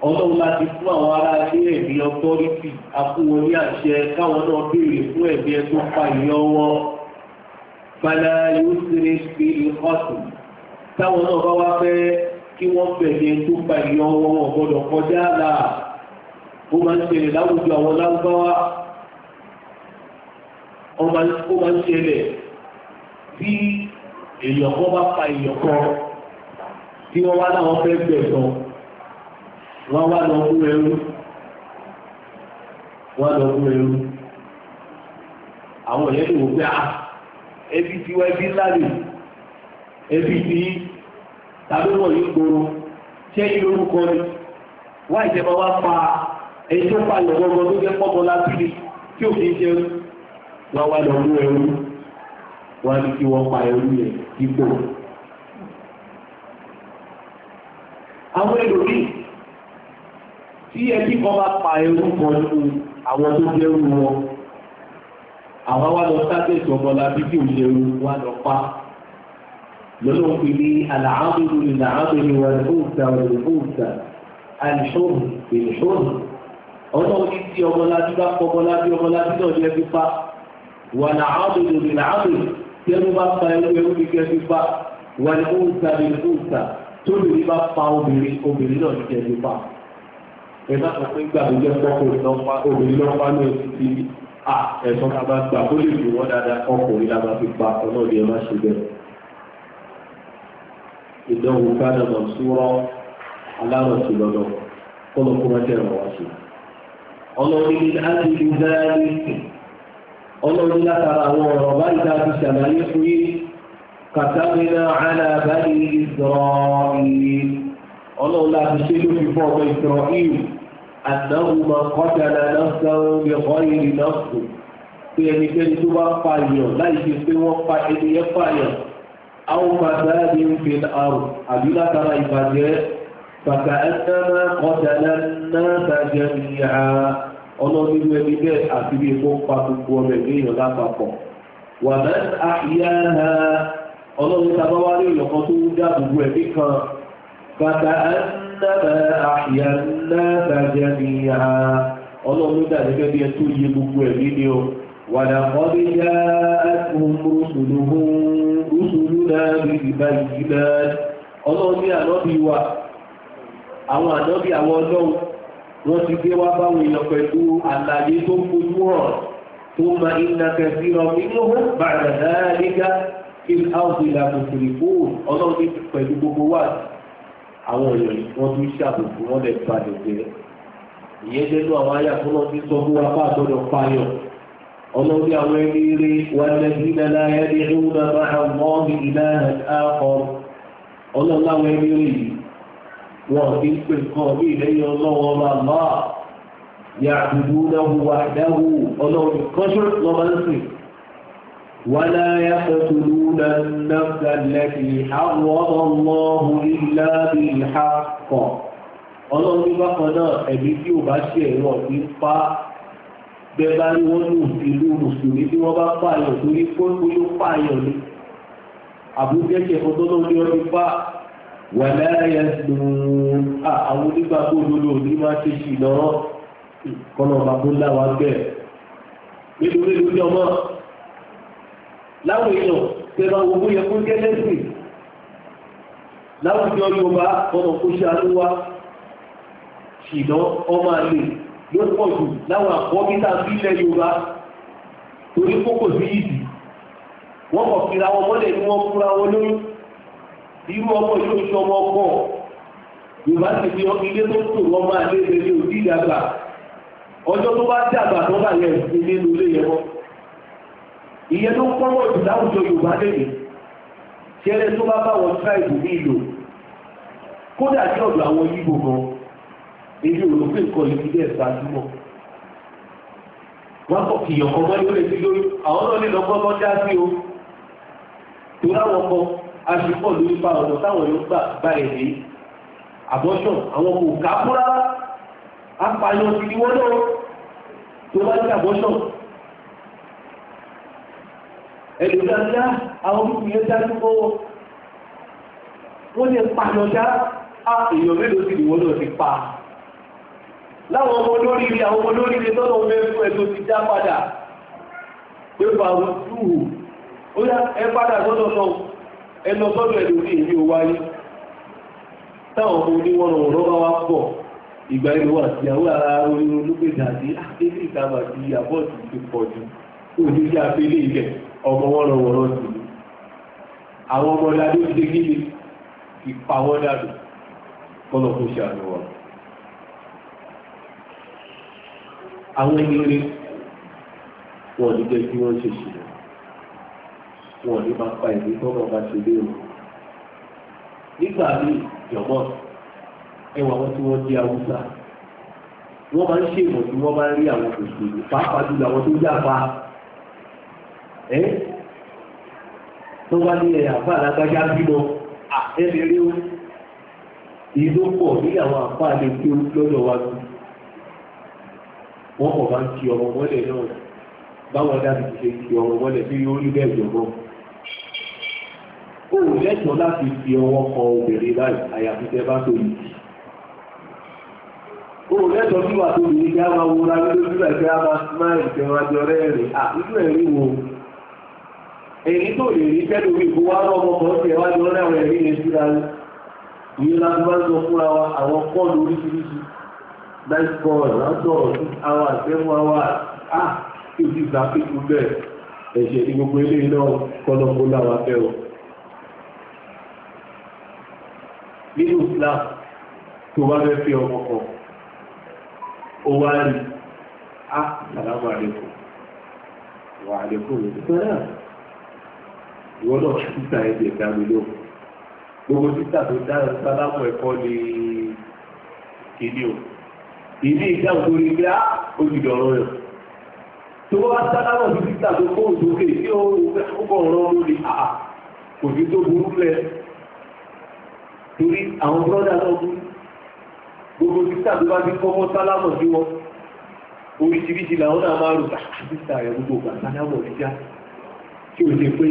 ọlọ́run láti fún àwọn ará ilé ẹ̀mí ọtọ́rítì afúnwọn ní àṣẹ káwọn náà béèrè fún ẹ̀mí ẹ tó pa ìyọwọ́ fàlà yóò ṣeré pé ọ̀sùn táwọn náà bá wá fẹ́ kí wọ́n bẹ̀rẹ̀ tó pa ìyọwọ́ wọn gbọ́dọ̀ kọjá là ó máa ń ṣẹlẹ̀ láwùjọ àwọn lágbáwá ó máa ń ṣẹlẹ̀ bí èèyàn kan bá pa èèyàn kan tí wọ́n wá láwọn fẹ́ bẹ̀ tán wọ́n wá lọ mú ẹrú wọ́n lọ mú ẹrú àwọn ìyẹn lè wò pé a ah, ẹbí tí wọ́n ẹbí ńlá rè ẹbí tí tàbí wọ́n yìí gbòòrò ṣé yìí lórúkọ ni wá ìjẹba wá pa ẹni tó pa lọ́gbọ́gbọ́ tó jẹ́ pọ́pọ́ lábílì tí ò fi ń ṣerú wọ́n wá lọ mú ẹrú wọ́n á ní kí wọ́n pa ẹrú yẹn dípò. àwọn ẹlòmíì tí ẹbí kan bá pa ẹrú kan nínú àwọn tó jẹ́rú wọn àwọn wá lọ sábẹ̀sì ọmọlábí tí ò ṣerú wá lọ pa lọ́lọ́ fi ní àlàáfíìlú ìlàáfíìlú wọn ìfúùsà wọn ìfúùsà àìṣòhùn ìṣòhùn ọ̀nà orí tí ọmọlábí bá kọ ọmọlábí ọmọlábí náà jẹ́ fífa wọn àlàáfíìlú ìlàáfíìlú tí ẹnu bá pa ẹrú ẹrú ní jẹ́ fífa wọn ìfúùsà ìfúùsà tóbi bá pa obìnrin obìnrin náà jẹ́ fífa ẹ̀dá kan pé gbà lójẹ́ pọ́kò obìnrin lọ́pá ní ti ẹ̀sán tá a bá gbà tó lè dùn wọ́n dáadáa ọkùnrin lábá fi pa ọ̀nà ìdí ẹ̀ má ṣe bẹ́ẹ̀. ìdánwò kádà mọ̀ súnrọ́ alárọ̀sí lọ́dọ̀ kọ́lọ̀ kó máa jẹ́rọ wá sí. ọlọ́run ní ájíjú dáadé ọlọ́run látara àwọn ọ̀rọ̀ báyìí tá a fi ṣàlàyé fún yí kàtàmínà àlàbáyé ìsọ̀rọ̀ ọlọ́run láti ṣe ló fi fọ́ ọmọ ìsọ̀rọ̀ ìlú àdáhùnmá kọ́dàlá lọ́sàn-án lè kọ́ ìrìn náà sùn pé ẹnikẹ́ni tó bá pààyàn láì fi pé wọ́n pa ẹniyẹ́ pààyàn àwọn fàtàlì ń fi àrùn àbí látara ìbàjẹ́ bàtà ẹ̀sẹ̀mẹ́ kọ́dàlá náà tàjẹ́ ìyá ọlọ́dúnrún ẹni bẹ́ẹ̀ àti bí epo pa gbogbo ọmọ ìgbéyàn lápapọ̀ wà àyà ọlọ́dún tàbá wálé ìyọ̀kan tó ń dá gbogbo ẹ̀mí kan فكأنما أحيا الناس جميعا ọlọ́run dà gẹ́gẹ́ bí ẹ tó yẹ gbogbo ẹ̀mí ni ó ولقد جاءتهم رسلهم رسلنا بالبينات ọlọ́run ní ànábì wa àwọn ànábì àwọn ọlọ́run wọ́n ti ìlànà òkèrè ọlọ́run pẹ̀lú gbogbo wáàtí àwọn èèyàn wọn tún ṣàbùkù wọn lè ba dèjẹ ìyẹn jẹnu àwọn ayé àkọlọ ti sọ fún wa bá àtọjọ payọ ọlọ́dẹ àwọn ẹni rí wọn lẹ́bí lẹ́la ẹni rí wọn bá àwọn ọmọ ìlà àkọ ọlọ́dẹ àwọn ẹni rí wọn kì í pè kàn bí ìlẹ́yìn ọlọ́wọ́ máa máa yàtúndúnáwó wàdáwó ọlọ́dẹ kọ́ṣọ́ lọ́mọ ń sìn. ولا يقتلون النفس التي حرم الله إلا بالحق ọlọ́run ní bákan náà ẹ̀mí tí ò bá ṣe ẹ̀rọ ní pa bẹ́bá ní wọ́n ní ìlú mùsùlùmí tí wọ́n bá pààyàn torí kóńkó ló pààyàn ní àbújẹ́kẹ̀ ọdọ́dọ́ ní ọdún pa wà láyé àwọn onígbàgbọ́ ní máa ṣe ṣì kọ́nà bàbá ńlá wa bẹ́ẹ̀ láwọn èèyàn tẹ̀lé owó yẹ kó gẹ́lẹ́ sí láwùjọ yorùbá ọmọ kó ṣe àlúwá ṣìnà ọmọ àlè ló pọ̀ jù láwọn àkọ́bítà sílẹ̀ yorùbá torí kókò sí ìdì wọ́n kọ̀ fira wọn mọ́lẹ̀ ní wọ́n fúnra wọn lóyún irú ọmọ yóò ṣe ọmọ ọkọ̀ yorùbá ti fi ilé tó tò wọ́n máa lé ẹgbẹ́ ní òdì ìdàgbà ọjọ́ tó bá dàgbà tó bá yẹ ìdílé nulẹ̀ yẹn wọ́n ìyẹn ló pọ́wọ́ jù láwùjọ yorùbá lẹ́yìn tí ẹlẹ́ tó bá bá wọn tíráìbù ní ìlò kódà ní ọ̀dọ̀ àwọn yíbo gan èyí ò ló pé nǹkan lè fi bẹ́ẹ̀ gbajúmọ̀ wọ́n kọ̀ kìyàn kan mọ́lé ó lè fi lórí àwọn náà lè lọ gbọ́gbọ́ dá sí o tó láwọn kan a sì pọ̀ lórí pa ọ̀nà táwọn yóò gbà gba ẹ̀dẹ́ àbọ́sọ̀ àwọn kò ká fúra apààyàn ni wọ́n náà tó bá ní àbọ́sọ̀ ẹ̀lú dáadáa àwọn olùkù yẹn dájú kọ́wọ́ wọ́n lè pàyọjá èèyàn mélòó sì wọ́n lọ sí pa láwọn ọmọ olóríire àwọn ọmọ olóríire tọ́lọ mẹ́fún ẹ̀tọ́ ti dá padà pépà ojúhù ó yá ẹ padà sọ́dọ̀ náà ẹnà sọ́dọ̀ ẹ̀lú sí èmi ò wáyé táwọn ọmọ oníwọ̀n ọ̀rọ̀ bá wá pọ̀ ìgbà ìlú àti àwọn ará orí olúgbèdà àti àkéjì ìtàbà àti àbọ̀ọ̀tì ti pọ̀ sí abẹ́lé ilẹ̀ ọmọ wọ́n wọ́n sí àwọn ọmọ ìlàdó ti kí kọ́nà kó ṣe àdúwọ̀ àwọn ẹni wọ́n ní jẹ́ kí wọ́n ṣe ṣe wọ́n ní máa pa ìlú tọ́nà bá ṣe lé wọn nígbà ẹwà wọn tí ẹ́ tó bá ní ẹ̀ àfà alágbájá bímọ àtẹ́lẹ́rẹ́ ó ìdókọ̀ ní àwọn àfà lè kí ó lọ́dọ̀ wa bí wọ́n kọ̀ máa ń kí ọmọ mọ́lẹ̀ náà báwọn dábì ti ṣe kí ọmọ mọ́lẹ̀ bí ó rí bẹ́ẹ̀ jọ̀gbọ́n ó lẹ́tọ̀ọ́ láti fi ọwọ́ kan obìnrin báyìí àyàfi tẹ bá tó yìí lẹ́tọ̀ bí wà tó lè kí a máa wo ra lójú ẹgbẹ́ a máa máa jọ rẹ́rìn-ín àìlú ẹ̀rí wo èyí tó lè rí tẹ́lú ìbú wá lọ́mọ kan tẹ̀ wá lọ náà rẹ̀ rí lè síra rẹ̀ yìí láti máa ń sọ fúnra wa àwọn kọ́ọ̀lù oríṣiríṣi nice ball lásọ̀ àwọn àtẹ́wọ́ wa á kí o ti gbà pípú bẹ́ẹ̀ ẹ̀ṣẹ̀ ní gbogbo ilé náà kọ́lọ́kọ́ láwa fẹ́ o. nínú Islam tó bá fẹ́ fi ọmọ kan ó wá rí á sàlámù àlékún wà àlékún rẹ̀ ìwọ náà ṣe títà ẹbí ẹ̀dá mi lò gbogbo títà tó dára sálámù ẹ̀kọ́ ni kìíní o ìní ìdáhùn tó rí bíá ó ti dọ̀rọ̀ rẹ̀ tó wá sálámù sí títà tó kó òsókè tí ó kọ̀ ọ̀rọ̀ lórí àà kò sí tó burú lẹ̀ torí àwọn bọ́dà náà bú gbogbo títà tó bá ti kọ́kọ́ sálámù sí wọn oríṣiríṣi làwọn náà máa rò títà ẹ̀ gbogbo gbà sálámù já tí o ṣe pé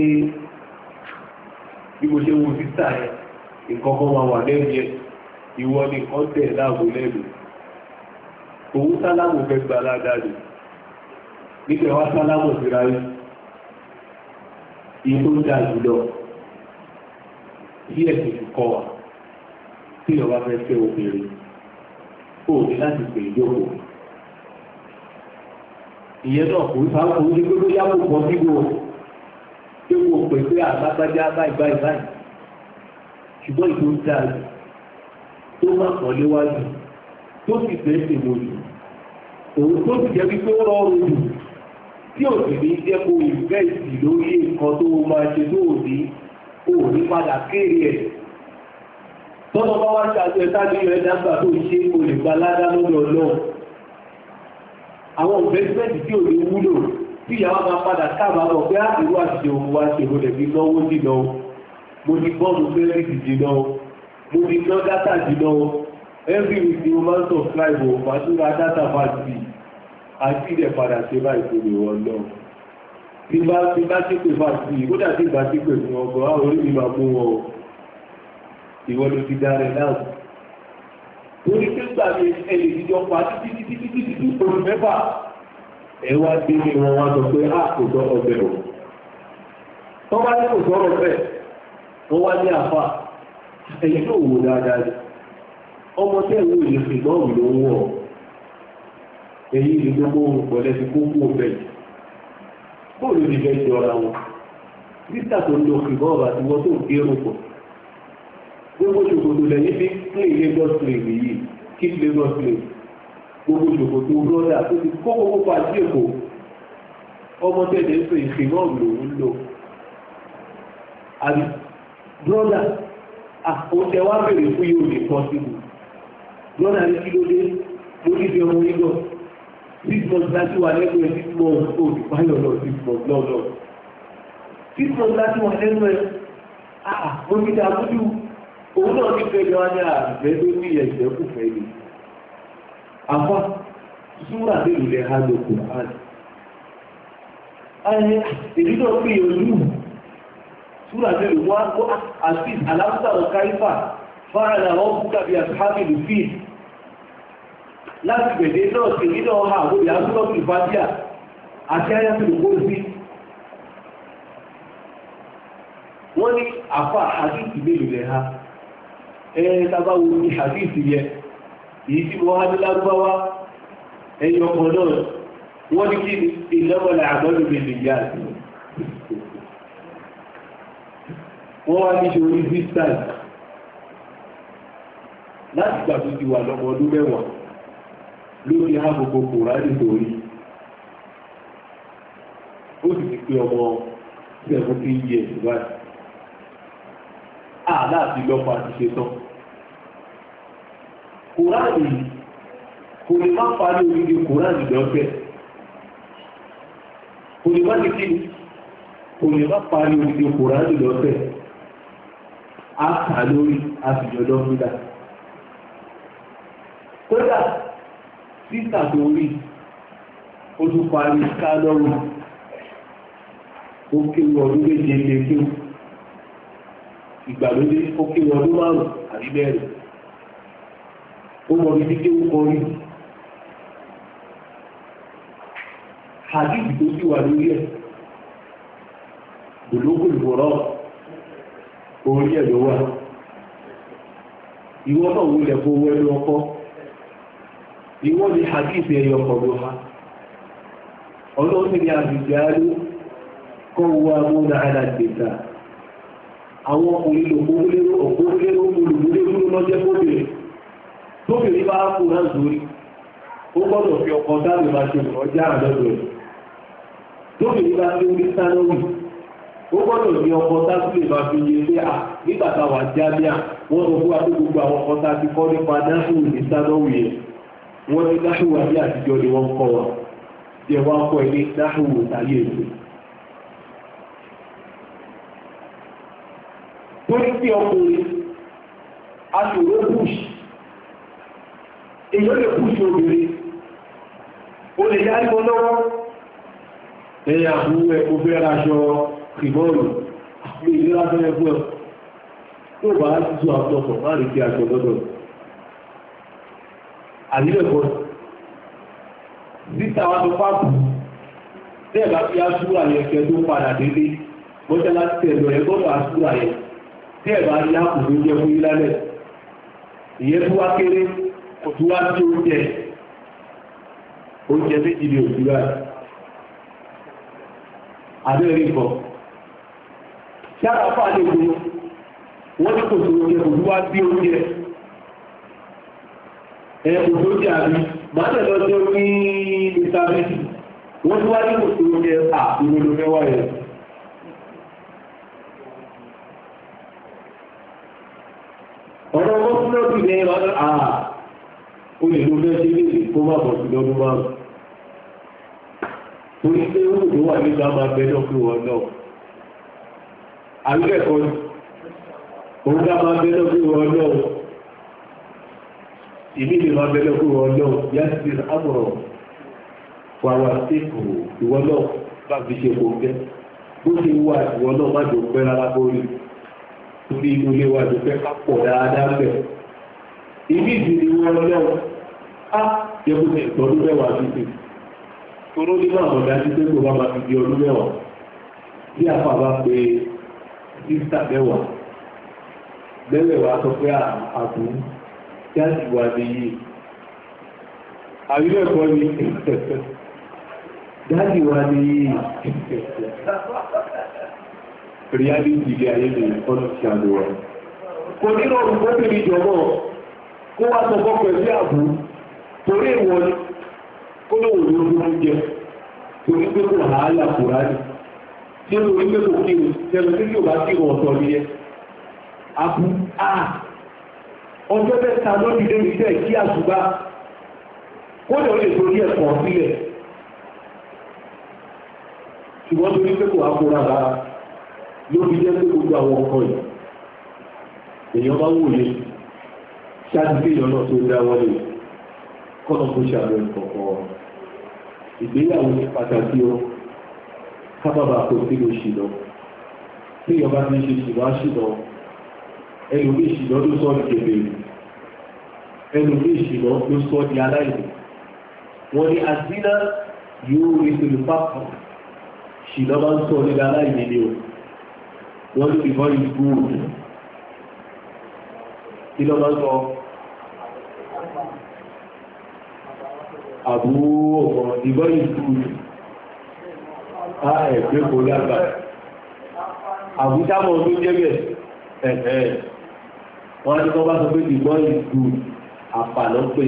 bí mo ṣe wo títà ẹ nǹkan kan máa wà lẹ́nu ẹ ìwọ ni kan tẹ̀ láàbò lẹ́nu òun sálámù fẹ́ gba aládàáni nígbà wá sálámù síra yìí iye tó ń da jùlọ bí ẹ̀sìn ti kọ́ wa tí ìyọ̀ bá fẹ́ fẹ́ obìnrin ó ní láti pè é jókòó ìyẹn náà kò sáà kò ní gbogbo yàgò pọ̀ síbò pé wọ́n pè pé àbábájá báyìí báyìí báyìí ṣùgbọ́n ìlú ń dáa jù tó máa kàn léwájú tó sì fẹ́ sì wò jù òun tó sì jẹ́ wípé ó rọrùn jù tí ò sì ní jẹ́ kó ìfẹ́ ìsì lórí nǹkan tó máa ṣe tó o ní ò ní padà kéré ẹ̀ tọ́lọ́ bá wá ṣàtúnṣe sábìyàn ẹ̀dá gbà tó ṣe kó lè gba ládá lórí ọlọ́run àwọn ìfẹ́sìmẹ́ǹtì tí ò ní wúlò tí ìyàwó máa padà káàbàbọ̀ pé àìrú àṣìṣe òun wá ṣe ìrọ̀lẹ̀ bí lọ́wọ́ jìnà o mo ti bọ́ọ̀lù fẹ́rẹ́sì jìnà o mo ti ná dátà jìnà o every week ni mo máa ń subscribe o fàtúrà dátà bá ti àti ilẹ̀ padà ṣe bá ìṣòro wọn lọ tí bá ti bá ti pè bá ti kódà tí bá ti pè fún ọgbọ̀n á orí mi máa mú wọn o ìwọ ló ti dára náà torí pé gbàgbé ẹnì ìjọba títí títí títí olùmẹ́fà ẹ wá ní wọn wá sọ pé a ah, kò sọ̀rọ̀ bẹ́ẹ̀ o wọ́n bá ní kò sọ̀rọ̀ bẹ́ẹ̀ wọ́n wá ní àfà ẹ̀yìn náà wò dáadáa ni ọmọ tẹ́ ìwé òun ló ń gbogbo ohun ti kó bóòlù ni jọ ara gbogbo ìṣòfò tó rọ́dà tó ti kó gbogbo pàdé èkó ọmọ tẹ̀lé ń pè ìṣe náà lòún lò àbí brọ́dà àkóṣẹ wá bèrè fún yóò lè kọ́ síbò brọ́dà ní kí ló dé mo ní fi ọmọ yígọ̀ six months láti wà lẹ́nu ẹ̀ six months ó ti báyọ̀ lọ six months lọ́dọ̀ six months láti wà lẹ́nu ẹ̀ ah mo ní dàbúdú òun náà ní fẹ́ lọ́wọ́ ní àgbẹ̀ tó ní ẹ̀jẹ̀ kù fẹ́ ni. Apa, àfá súrà bí ìlẹ̀ ha ló kò áàdì ẹni ìdídọ̀ pé olú súrà bí ìlú wá kó àti aláwùsà ọ̀káífà fáàlà wọn kú tàbí àtàbìlì fíì láti gbẹ̀dẹ̀ náà sí nínú ọha àwọn ìyàwó ìfàdíà àti ayáfìlì kó sí wọ́n ní àfá àdìsí mélòó lẹ̀ ha ẹ̀ẹ́dábáwo ní àdìsí yẹn èyí tí wọ́n hádé lágbáwá ẹ̀yìn ọkọ̀ náà wọ́n ní kí ìlọ́mọ̀lá àgbọ́dù mi lè ga wọ́n wá ní ṣorí distance láti gbà tó ti wà lọ́mọ ọdún mẹ́wàá lórí àgbogbo kòránì torí ó sì ti pé ọmọ seventeen years báyìí àláàfin lọ́pàá ti ṣe tán kùránì kò lè má parí oríire kùránì lọ́fẹ̀ kò lè má ní kí kò lè má parí oríire kùránì lọ́fẹ̀ á kà lórí àfìjọ́dọ́ fúdà kódà títà tó rí ó tún parí ká lọ́rùn ó kéwú ọdún méje lè kéwú ìgbàlódé ó kéwú ọdún márùn-ún àbí ó mọ ibi tí ó kọ rí hadith tó sì wà lórí ẹ̀ orí ẹ̀ ló wà ìwọ náà wulẹ̀ kó ọkọ ìwọ ni hadith ẹ̀yọ ọkọ̀ ló ha ọlọ́sìn ni àbìjáàlú kọ́ wọ amúnà àdàgbèsà àwọn ọkùnrin olùmúlérò lọ́jẹ́ tóbi rí bá kú náà sórí ó gbọ́dọ̀ fi ọkọ̀ dáàbò máa ṣe ìrọ̀já àlọ́dọ̀ rẹ̀ tóbi rí bá ọkọ rí ó gbọ́dọ̀ ní ọkọ̀ fi yé pé à nígbà táwa wọ́n sọ fún gbogbo àwọn ọkọ̀ tá a ti kọ́ nípa náṣùn ní sánúwì yẹn ni wọ́n kọ́ wa jẹ́ kọ́ wò táyé èyí lè kú sí obìnrin o lè yá ní ọlọ́wọ́ ẹ̀yà fún ẹkù fẹ́ raṣọ kìbọ́ọ̀lù ní ìlera fẹ́ ẹkù ẹ̀ tó bá ti tó àtọkọ̀ má rí kí aṣọ lọ́dọ̀ àdílẹ̀kọ́ níta wá tó pápù tẹ́ẹ̀ bá fi aṣúra yẹn kẹ tó padà délé mọ́ṣálá tẹ̀lọ ẹ̀ gbọ́dọ̀ aṣúra yẹn tẹ́ẹ̀ bá rí àpò tó jẹ́ fún ilálẹ̀ ìyẹn tó wá kéré òjúwá sí oúnjẹ oúnjẹ méjì ni òjúwá àbẹ́rẹ́ ìbọn yára fà lè gbogbo wọ́n ní kò sí oúnjẹ òjúwá sí oúnjẹ ẹ òjòjì àbí máa tẹ̀lọ sí orí ìtàbí wọ́n tí wá ní kò sí oúnjẹ à ìròlò mẹ́wàá yẹn ọ̀rọ̀ ọgbọ́n fúnlọ́ọ̀kì ní ẹ̀rọ àà ó lè ló bẹ́ẹ̀ sí léèrè kó má bọ̀ sí lọ́dún márùn-ún torí pé ó lè wà nígbà máa bẹ náà pé wọn náà àlùkẹ́kọ̀ọ́ ni òun dá máa bẹ náà pé wọn náà ìmí lè máa bẹ náà pé wọn náà yá sí àmọ̀ràn wàwà síkù ìwọ náà bá fi ṣe kò gẹ́ bó ṣe wà ìwọ náà má á ah, yẹ́kùnlẹ̀ ìtọ́dún mẹ́wàá sí ti toró nígbà àmọ̀dá sí pé kò bá máa fi di ọdún mẹ́wàá bí àpá bá pe sísà mẹ́wàá mẹ́wàá sọ pé àbú jáde wà níyì àríwẹ̀ kọ́ ni jáde wà níyì reality ilé ayé ni ọ̀nà ti àlò rẹ̀ kò nínú ọ̀rùn kó pè ní jọmọ́ kó wá sọ fọ́pẹ̀ sí àbú torí ìwọ ni kó ló wò ló ló jẹ torí pé kò hàálà kò ráyè tí ó lórí pé kò kí o tẹnu tí yóò bá kí o ọ̀tọ̀ ni yẹ abu a ọjọ́ mẹ́ta lọ́dún lé ní bẹ́ẹ̀ kí àṣùgbà kódà ó lè torí ẹ̀kọ́ sílẹ̀ ṣùgbọ́n torí pé kò akóra rárá ló fi jẹ́ pé gbogbo àwọn ọkọ̀ yìí èèyàn bá wòye ṣáàtì sí ìyọ́nà tó dá wọlé yìí kọ́nà kó ṣàlọ́ ìkọ̀kọ̀ ìgbéyàwó ní pàtàkì ọ kábàbà kò sí ló ṣì lọ tí ìyọba ti ṣe ṣì máa ṣì lọ ẹnu bí ìṣìlọ ló sọ ní kébèrè ẹnu bí ìṣìlọ ló sọ ní aláìní wọn ni àdínà yóò rí sílùú pápá ṣìlọ máa ń sọ ní aláìní ni o wọn ti fi mọ ìgbóòrò kí lọ máa ń sọ àbú ọ̀pọ̀ ìbọ́ ìlú a ẹ̀gbẹ́ kò lágbà àbújámọ̀ tó jẹ́gẹ̀ ẹ̀ẹ̀ wọ́n á ti kọ́ bá sọ pé ìbọ́ ìlú àpàlọ́ pé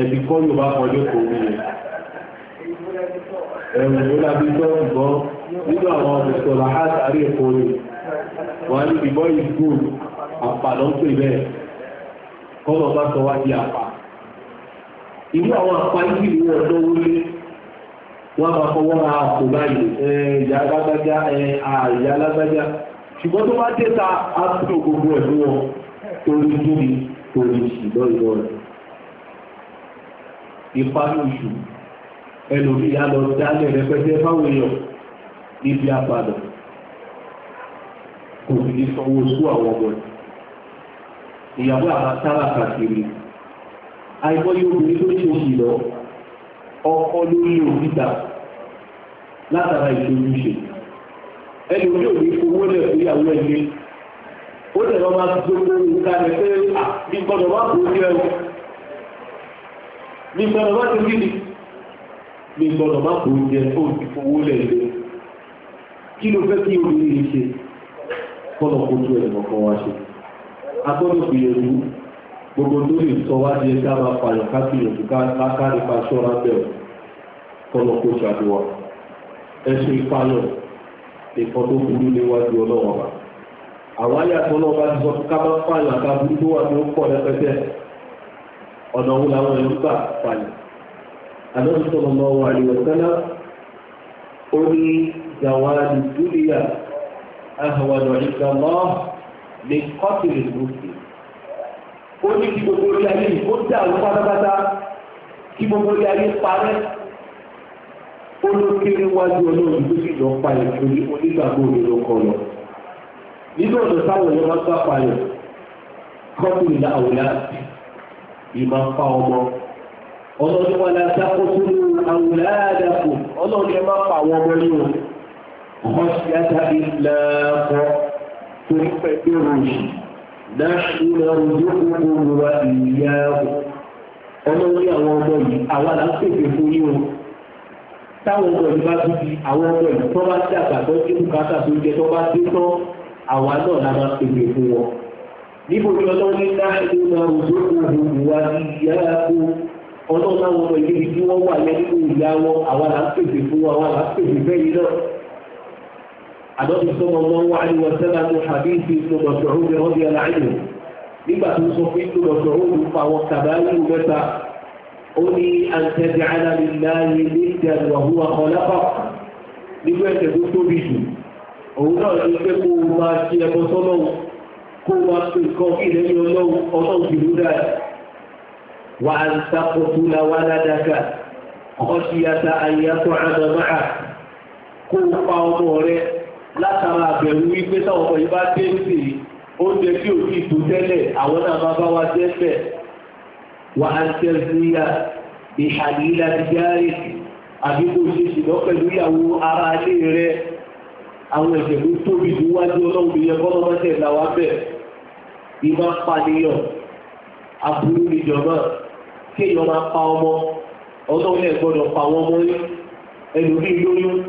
ẹ̀bí kọ́ yóò bá kọjọ́ kò rí ẹ̀rùn tó lábí tọ́ ìbọ́ nínú àwọn ọ̀pẹ̀sọ̀ làhásàrí ẹ̀kọ́ rẹ̀ wọ́n á ní ìbọ́ ìlú àpàlọ́ pé bẹ́ẹ̀ kọ́ irú àwọn àpá yìí ìwọ ọ̀dọ́ wọlé wọ́n máa fọwọ́ ra àpò báyìí ẹ̀ẹ́dà alágbájá ẹ̀ẹ́dà alágbájá ṣùgbọ́n tó bá dé ta àpò gbogbo ẹ̀ fún wọn torí níbi torí ìṣìlọ́ ìlọ rẹ̀ ìparí oṣù ẹlòmí ya lọ dálẹ̀ rẹpẹtẹ fáwọn èèyàn níbi àpàdà kò sì ní sanwó sú àwọn ọmọ ìyàwó àbátálà kàkiri àìmọye obìnrin ló ṣe òṣìlọ ọkọ lórí òbíta látara ìṣojúṣe ẹni ojú òní owó lẹ̀ fún ìyàwó ẹgbẹ́ ó lè lọ́ máa gbogbo nǹka rẹ̀ pé bí gbọ́dọ̀ wá kó jẹ́ o bí gbọ́dọ̀ wá ti kíni bí gbọ́dọ̀ wá kó jẹ́ o ti fowó lẹ̀ lé kí ló fẹ́ kí obìnrin yìí ṣe kọ́nà kó tó ẹ̀ lọ́kọ́ wá ṣe agbọ́dọ̀ gbìyànjú gbogbo tó lè sọ wá di ẹgbẹ́ àwọn apààyàn kákìyàn ká lákàrí pa ṣọ́ra bẹ̀rẹ̀ kọ́nà kó ṣàdúrà ẹ̀sùn ìpààyàn nǹkan tó burú níwájú ọlọ́wọ́ wa àwọn ayé àtọ́lọ́ bá ti sọ ká bá pààyàn àtàbí tó wà ní ó pọ̀ rẹpẹtẹ ọ̀nà òun làwọn ẹ̀rú gbà pààyàn àdọ́sí sọ̀rọ̀ mọ́ wa àríwọ̀ sẹ́lá ó ní zawadi dúlíyà ahàwàdọ̀ ìgbàmọ́ ní kọ́tìlì mùsùlùmí ó ní kí gbogbo orí ayé yìí ó dà ó pátápátá kí gbogbo orí ayé parẹ́ ó ló kéré wájú ọlọ́run tó sì lọ pa ètò onígbàgbọ́ òdodo kan lọ nínú ọ̀dọ̀ táwọn èèyàn máa ń gbà palẹ̀ kọ́tù ìlà àwòrán ìmọ̀ fa ọmọ ọlọ́run wọn la dákóso àwòrán àdàpọ̀ ọlọ́run yẹn máa fa àwọn ọmọ yìí o kọ́sí àtàkì ńlá kọ́ torí pẹ̀lú òòyì. نحن نرزقكم وإياكم ọmọ ní àwọn ọmọ yìí àwa là ń pèsè fún yín o táwọn ọmọ yìí bá tún di àwọn ọmọ yìí tó bá dé àgbàdo tí bùkátà tó jẹ tó bá dé tán àwa náà la máa pèsè fún wọn. níbo ni ọlọ́run ní láti máa ń dókòwò ìwà ìyá kó ọlọ́run náà wọ́n lọ ibi wọ́n wà lẹ́nu ìyá wọn àwa là fún wọn àwa là ń yìí náà àdọ́bí tó mọ mọ́ wá ní wọ́sẹ́lá ní hadithi tó mọ̀ sọ̀rọ̀ ní ọdí aláìní nígbà tó sọ pé tó mọ̀ sọ̀rọ̀ ní pàwọn kàbáyé mẹ́ta ó ní àǹtẹ̀dẹ̀ aláìláyé ní ìdẹ̀lùwàhúwa ọlápá nínú ẹ̀jẹ̀ tó tóbi jù òun náà ní pé kó máa ṣe ẹbọ sọ́lọ́wọ́ kó máa pè kọ́ ìlẹ́yìn ọlọ́run ọlọ́run jù lódà wà látara àbẹ̀rù wípé táwọn ọmọ yìí bá dé sí oúnjẹ tí ò sí ìtò tẹ́lẹ̀ àwọn náà máa bá wa jẹ́ bẹ̀ wà á tẹ́ síra ìhàlílà díjárì àbí kò ṣe ṣùgbọ́n pẹ̀lú ìyàwó ara ilé rẹ̀ àwọn ẹ̀ṣẹ̀ tó tóbi tó wájú ọlọ́run yẹ kọ́ lọ́mọ tẹ̀ là wá bẹ̀ ìmá pàdéyàn aburú ọlọ́run ẹ̀ gbọ́dọ̀ lóyún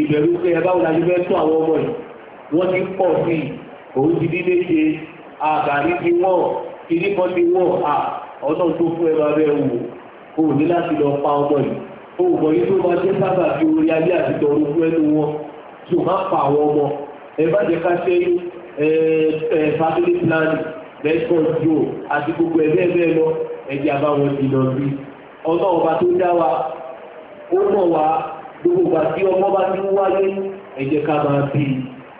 ìbẹ̀rù pé ẹ báwo la ṣe fẹ́ tún àwọn ọmọ yìí wọ́n ti pọ̀ sí i òun ti ní léṣe àgàrí ti wọ̀ kiri kan ti wọ̀ à ọ̀nà tó fún ẹ máa bẹ wò o ní láti lọ pa ọmọ yìí o mọ̀ yìí tó máa jẹ́ sábà fi orí ayé àti tọrọ fún ẹnu wọn tó má pa àwọn ọmọ ẹ bá jẹ́ ká ṣẹ́yìn ẹ ẹ family planning birth control àti gbogbo ẹ bẹ́ẹ̀ bẹ́ẹ̀ lọ ẹ jẹ́ àbáwọn ìlọ bí ọlọ́ọ̀ba tó dá wa ó mọ̀ wá gbogbo ìgbà tí ọmọ bá ti ń wáyé ẹ jẹ́ ká máa bí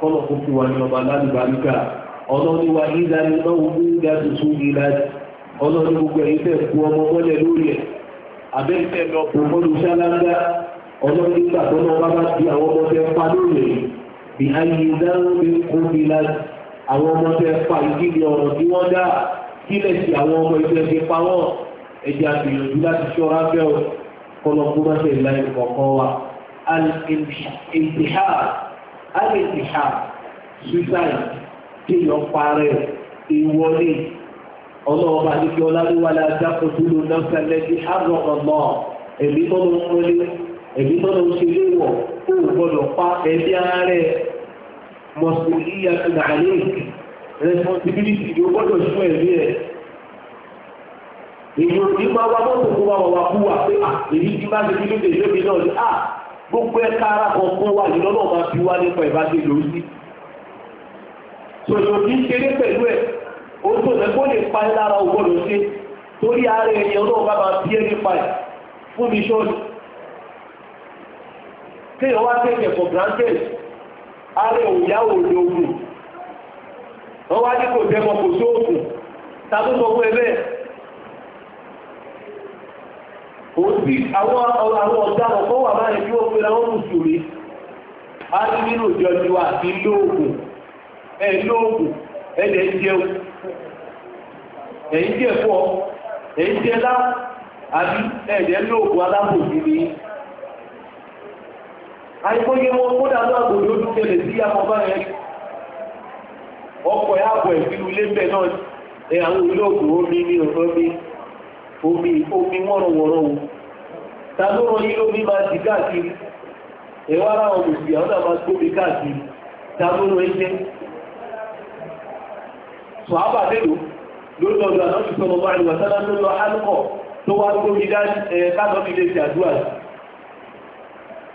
kọ́nà kókó wa ní ọba lálùbáríkà ọlọ́ni wa ìlà iná ogun ìlà tuntun ìlà ọlọ́ni gbogbo ẹ̀yìn fẹ́ kú ọmọ mọ́lẹ̀ lórí ẹ̀ abẹ́fẹ́ lọ kó mọ́lù ṣáláńgá ọlọ́ni gbà tó lọ bá bá di àwọn ọmọdé pa lórí ẹ̀ bí ayé ìdáhùn kó ìlà àwọn ọmọdé pa ìdílé ọ̀rọ̀ tí wọ́n dá kílẹ̀ sí àwọn ọmọ ìfẹ́ ti pa wọ́n ẹ̀jẹ̀ àgbìyànjú láti ṣọ́ra fẹ́ kọ́lọ́kú má ṣe ìlà ìkọ̀ọ̀kan wa al-intihar al-intihar suicide kí lọ parẹ́ ìwọlé ọlọ́ọ̀bá àdìkí ọlárúwá la dákòtò ló náà fẹ́lẹ́ sí àrọ̀ọ̀lọ́ ẹ̀mí tọ́lọ́ ń wọlé ẹ̀mí tọ́lọ́ ń ṣe léwọ̀ kó o gbọ́dọ̀ pa ẹ̀mí ààrẹ mọ̀sùlùmí àtìlàlẹ́ responsibility ló gbọ́dọ̀ ṣú ẹ̀mí ẹ̀ èyí ò ní máa wá mọ́tò kó wá wà wá kú wà pé à èyí ti máa ṣe kí ló dé náà ni à gbogbo ẹ̀ka ara kọ̀ọ̀kan wà ní lọ́nà máa fi wá nípa ìbáṣe lòsí sòyò ní kéré pẹ̀lú ẹ̀ ó tó lẹ́ kó lè pa ẹ́ lára ògbọ́dọ̀ ṣe torí ara ẹ̀yẹ ọlọ́run bá máa bí ẹ́ nípa ẹ̀ fún mi ṣọ́ọ̀lù kéèyàn wá tẹ̀kẹ̀ for granted ara òyà òde ogun wọ́n wá ní kò jẹ́ mọ́ kò sóògùn tàbí mọ́ fún ẹ bẹ́ẹ̀ òsì àwọn àwọn ọ̀daràn kan wà báyìí tí wọ́n pera wọn mùsùlùmí a ní nínú ìjọ ti wa àti lóògùn ẹ lóògùn ẹ lè jẹun ẹ ń jẹ fọ ẹ ń jẹ lá àbí ẹ lè lóògùn alábòsí ni àìkóyè wọn kódà náà kò ní tẹ́lẹ̀ sí ya bọ̀ ìfìlú ilé bẹ̀ náà ẹ àwọn olóògùn omi ní ọ̀rọ̀ mi omi ta ló rọ yín lómi máa di káàkiri ẹ̀wọ́ ara wọn lòsì àwọn náà máa gbómi káàkiri ta ló rọ yín jẹ́ sọ ábà mélòó lórí ọ̀dọ̀ àná ti sọ̀rọ̀ máa lùwà sálá ló lọ alùpọ̀ tó wá gbómi káàkiri mi lè ṣe àdúrà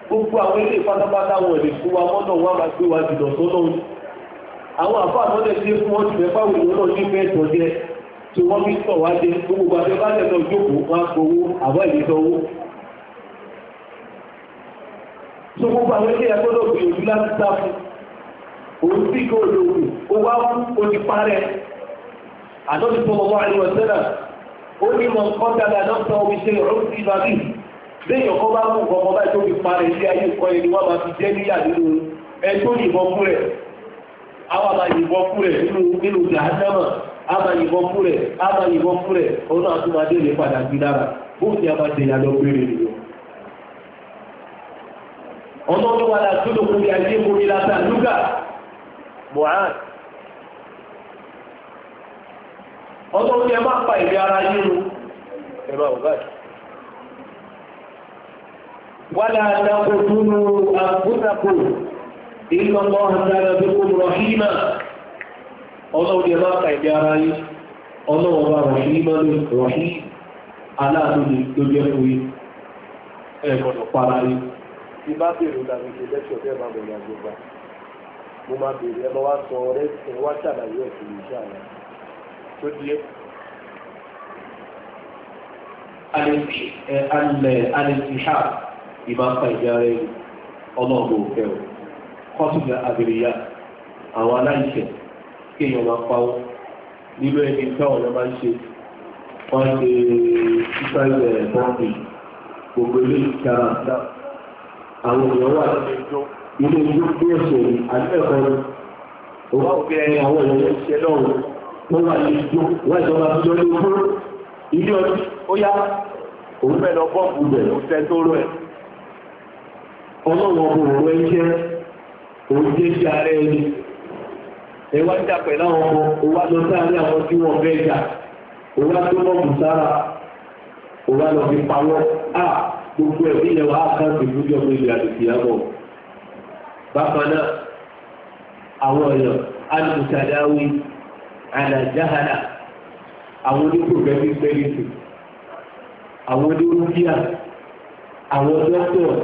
gbogbo àwọn ilé ìfátápátá wọn lè fún wa mọ́nà wọn máa gbé wa jùlọ sọ́nà àwọn àfáà mọ́lẹ̀ tí fún wọn ti mẹ́fà wò lọ́nà ní mẹ́tọ̀ jẹ́ tí wọ́n fi sọ̀ wá jẹ gbogbo àti bá tẹ̀lé ọjọ́ kò wá gbowó àbọ̀ ìdíjọ́wó so gbogbo àwọn ilé ẹ̀kọ́ gbìyànjú láti sá fún òun tí kò lòògùn ó wá fún oníparẹ́ àdọ́bí tó wọ́n àríwọ̀ sẹ́nà ó ní mọ̀ kọ́ńtàlá náà sọ omi ṣe ọ̀rọ̀ sí ìbàdí lẹ́yìn ọkọ̀ bá mú ọmọ bá tó fi parẹ́ sí ayé ìkọ́ ẹni wọ́n máa fi jẹ́ níyà nínú ẹ tó yìnbọn ọlọ́run wà láti lò kúrò ayé orí látà lúgà mohan ọlọ́run ni ẹ máa pa ìrẹ́ ara yìí ẹ máa wọ̀ báyìí wàlá àdàkùnrin àgbúnàkù ìlọ́lọ́ àdàkùnrin rọ̀hìmà ọlọ́run ni ẹ máa pa ìrẹ́ ara yìí ọlọ́run bá rọ̀hìmà rọ̀hìmà aláàánú ni jẹ́ fún yìí ẹ̀kọ̀dọ̀ para yìí tí bá bèrè ìlànà ìṣe lẹ́sọ̀ fẹ́ máa bọ̀ yàgò gbà mo máa bèrè ẹ lọ wá sọ ọ̀rẹ́ ẹ wá ṣàlàyé ẹ̀ fún iṣẹ́ àná tó di ẹ́. alẹ́sìhá ìbáfà ìjáre ọlọ́ọ̀bù òfẹ́ o kọ́tùgà àbẹ̀rẹ̀yà àwọn aláìṣẹ̀ kéèyàn máa pawọ́ nínú ẹni táwọn ọ̀nà máa ń ṣe wọ́n ṣe ṣíṣàlẹ̀ bọ́ọ̀dì gbogbo ilé ìkàrà náà àwọn èèyàn wà ilé ìlú bí ẹ̀sẹ̀ àgbẹ̀kọ̀ọ́rọ̀ òwò ní àwọn èèyàn ṣe lọ́rùn wọ́n wà ní ìjọ wọ́n ìjọba àjọ ní ogún ilé ọdún ó yá òun fẹ́ lọ bọ́ọ̀bù bẹ̀ ó fẹ́ tó rọ̀ ẹ̀ ọlọ́run ọmọ òun ẹ jẹ́ òun jẹ́ sí ara ẹni ẹ wá jà pẹ̀lú àwọn ọmọ òun wá lọ sáré àwọn tí wọ́n fẹ́ jà òun wá tó bọ́ọ̀bù sára òun wá lọ fi pawọ́ ah! gbogbo ẹ̀ nílẹ̀ wà á kàn sí lójú ọmọ ìlú àdìsí àmọ́ bákan náà àwọn èèyàn alùpùtàdáwí àlàjáhàlà àwọn onípòfẹ́sì sẹ́yìntì àwọn onírúkíà àwọn dókítọ̀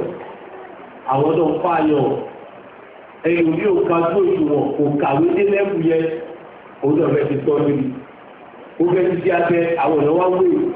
àwọn náà pààyàn ẹ̀yìn ní òka tó ìṣùwọ̀n kò kàwé dé lẹ́kùn yẹn òun náà fẹ́ ti tọ́ níbi ó fẹ́ ti di abẹ àwọn èèyàn wá wéyìí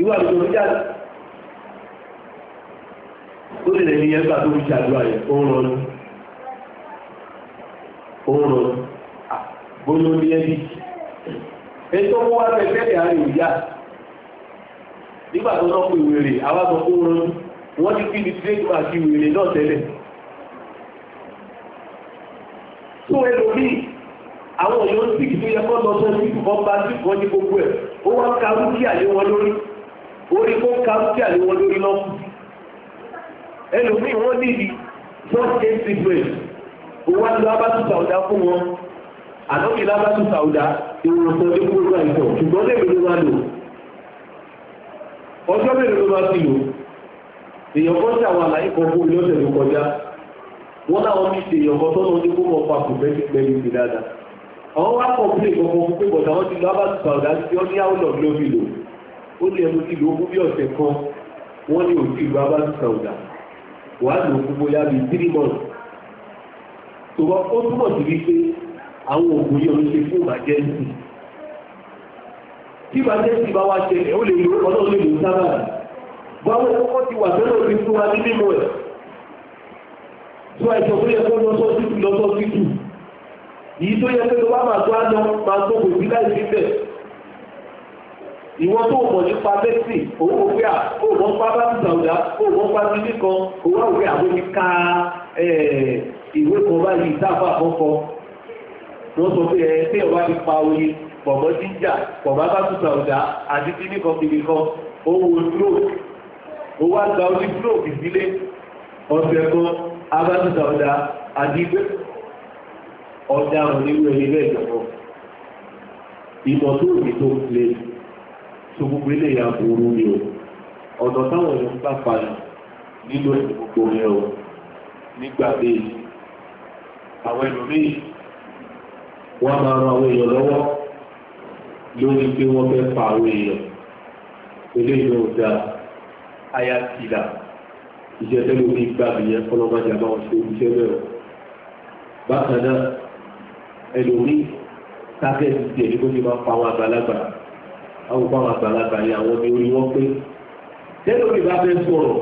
ìwà àdúgbò ní jáde ó lè ní ẹgbà tó fi ṣàdúrà yẹn ó ń rọrùn ní ẹbí àárín ìyá nígbà tó náà pè wèrè wọ́n ti ní wèrè náà tẹ́lẹ̀ àwọn tó yẹ lọ sí gbogbo ẹ̀ ó wá ń ka rúkìá lé wọn orí kó káńtì àléwọ́ lórí lọ́kù ẹlòmíì wọ́n níbi just eight secret owó àti lábàtú sàwùdá fún wọn àdókè lábàtú sàwùdá ìwòrán tó kúrò náà ìtọ̀ ṣùgbọ́n lè mélòó máa lò ọjọ́ mélòó ló máa ti lò èèyàn kan tí àwọn àlàyé kan fún ilé ọ̀sẹ̀ ló kọjá wọ́n náà wọ́n fi ṣe èèyàn kan tọ́nà ọdún kó mọ̀ pa kò fẹ́ẹ́ pẹ̀lú ìpè dáadáa àwọn wá kọ̀ọ̀pù kọ̀ọ̀kan fún pé bọ̀dà wọn ti lọ abá ti sàwùdá sí ọ ní àwùjọ ló fi lò ó ní ẹmu ti lò ó bí ọ̀sẹ̀ kan wọ́n ní òtí ìlú abájú sàwùdà wàá lò ó gbogbo yá bíi three months tó wá ó túmọ̀ sí wípé àwọn òògùn yìí ọ̀hún ṣe fún ìbàjẹ́ sí tí ìbàjẹ́ sí bá wá ṣẹlẹ̀ ó lè lo ọlọ́run lè lò sábà báwọn kọ́kọ́ ti wà sẹ́lẹ̀ òfin fún wa ní mímọ́ ẹ̀ tó àìsàn tó yẹ kó lọ́sọ́ títù lọ́sọ́ títù yìí tó yẹ pé wá màá tó á lọ màá tó kò sí láì sí bẹ́ẹ̀ ìwọ tó mọ̀ nípa bẹ́sì owó òwe à ó mọ̀ nípa bábíjà ọ̀dà ó mọ̀ nípa bíbí kan owó òwe àwọn ti ka ìwé kan báyìí dáfà àkọ́kọ́ wọ́n sọ pé ẹ tí ọba ti pa oye pọ̀mọ́ jíjà pọ̀mọ́ bábíjà ọ̀dà àti bíbí kan kiri kan owó olóòtú owó àgbà oníbúlòòtú ìdílé ọ̀sẹ̀ kan abábíjà ọ̀dà àti ìgbé ọ̀dà òníwèé ilé ìjọba ìmọ̀ tó òbí tó ń lé tó gbogbo ilé ya ooru ni o ọ̀dọ̀ táwọn èèyàn bá palẹ̀ nínú ẹ̀sìn gbogbo rẹ̀ o nígbà bíi àwọn ẹlòmíì wọ́n máa ran àwọn èèyàn lọ́wọ́ lórí pé wọ́n fẹ́ pa àwọn èèyàn eléyìí ló dáa aya tìlà ìjẹ́tẹ́lú ní gbàgbé yẹn kọ́lọ́mọdé àbáwọn ṣe oúnjẹ bẹ́ẹ̀ bákan náà ẹlòmíì tábẹ́ẹ̀tì tiẹ̀ ní kó ti máa pa àwọn àgbàlagbà àwọn ọba wọn àgbàlagbà ni àwọn ọmọ orí wọn pé tẹ́lẹ̀ òbí bá fẹ́ sọ̀rọ̀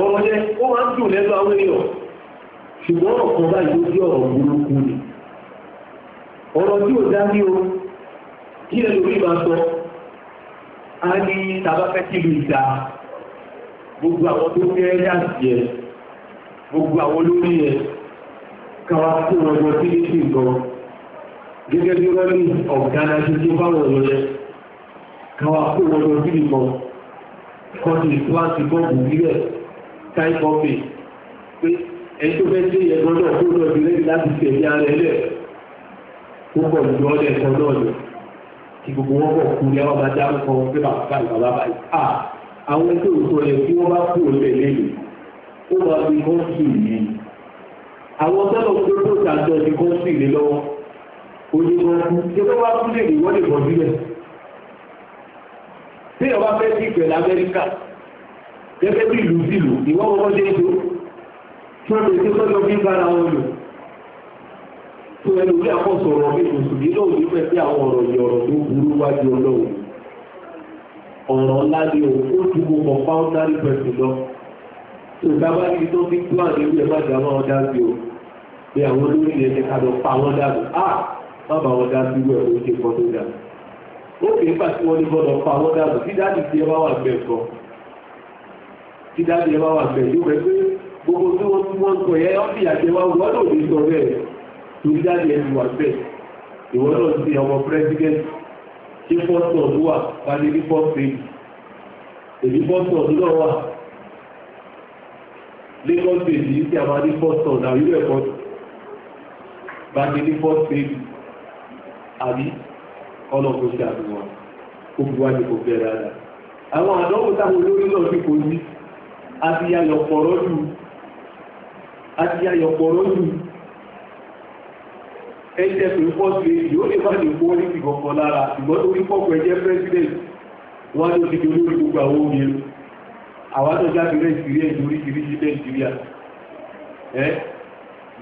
ọ̀rọ̀ yẹn ó máa ń dùn lẹ́nu àwọn èèyàn ṣùgbọ́n ọ̀kan báyìí ó jẹ́ ọ̀rọ̀ burúkú ni ọ̀rọ̀ tí ò dá ní o kí ẹ lórí máa sọ a ní tàbáfẹ́ kí ló ìta gbogbo àwọn tó fẹ́ láti ẹ gbogbo àwọn olórí ẹ káwá kó wọn lọ sí ní sí nǹkan gẹ́gẹ́ bí wọ́n ní ọ̀gá náà ti ti báwọn ọ̀rọ̀ yẹn káwà kó wọlé òbílì mọ́ kọ́dí ìtúwàsí bọ́ọ̀bù nílẹ̀ táìpọ́pì pé ẹni tó fẹ́ sí ẹ̀gbọ́n náà kó lọ sí lẹ́yìn láti fi ẹ̀yà rẹ̀ lẹ̀ ó pọ̀ ju ọdẹ ẹ̀kọ́ náà lọ kí gbogbo wọn bọ̀ kú ní àwọn bàjá ń kọ pé bàbá bàbá báyìí à àwọn ẹgbẹ́ òkú rẹ̀ tí wọ́n bá kú òlẹ̀ lẹ́yìn ó bá kú lè ní wọ́n lè bọ̀ tí ọba fẹ́ sí ìpẹ̀lú amẹ́ríkà gẹ́gẹ́ bí ìlú sílù ìwọ́n wọ́n ṣe ń tó tí wọ́n lè tó lọ bí bára wọn lò tó ẹnu bí akọ́sọ̀rọ̀ bí mùsùlùmí náà ní fẹ́ sí àwọn ọ̀rọ̀ yìí ọ̀rọ̀ tó burú wájú ọlọ́run ọ̀rọ̀ ńlá ni ó ó ju gbogbo fáúndárì pẹ̀sì lọ tó dábà ní tó fi tó àní ilé má dá máa dá sí o bí àwọn olórí yẹn ti ká lọ pa wọn dànù á ah! má wọn dá sí wẹ̀ ó ṣe kọ́ tó dànù ó kè nípa tí wọ́n ní gbọ́dọ̀ pa wọ́n dànù tí dáàbì tí ẹ bá wà gbẹ̀ kan tí dáàbì ẹ bá wà gbẹ̀ yóò rẹ̀ pé gbogbo tí wọ́n tí wọ́n ń sọ yẹ ọ́n fìyà jẹ wá wọ́n lò ní sọ bẹ́ẹ̀ torí dáàbì ẹ ti wà bẹ́ẹ̀ ìwọ́n náà ti ọmọ pírẹ́sidẹ́ntì ṣé fọ́tọ̀ ló wà wá ní ní fọ́tọ̀ èyí fọ́tọ̀ ló wà Lagos state yìí tí a máa ní fọ́tọ̀ náà yóò ẹ̀kọ́ bá ní ní fọ́tọ̀ àbí ọlọ́pọ̀ sí àdúgbò òbúwájú kò fẹ́ rárá àwọn àdánwò táwọn olórí náà ti kò ní àti ayọ̀pọ̀rọ̀ jù àti ayọ̀pọ̀rọ̀ jù ẹjẹ́ pé pọ́ sí yóò lè bá lè fọ́ orí ìgbọ̀kan lára ìgbọ́n tó rí pọ́pọ̀ ẹjẹ́ president wọ́n ló ti dolórí gbogbo àwọn omi àwádọ́ jáde nàìjíríà ìdórí kìríṣì nàìjíríà ẹ́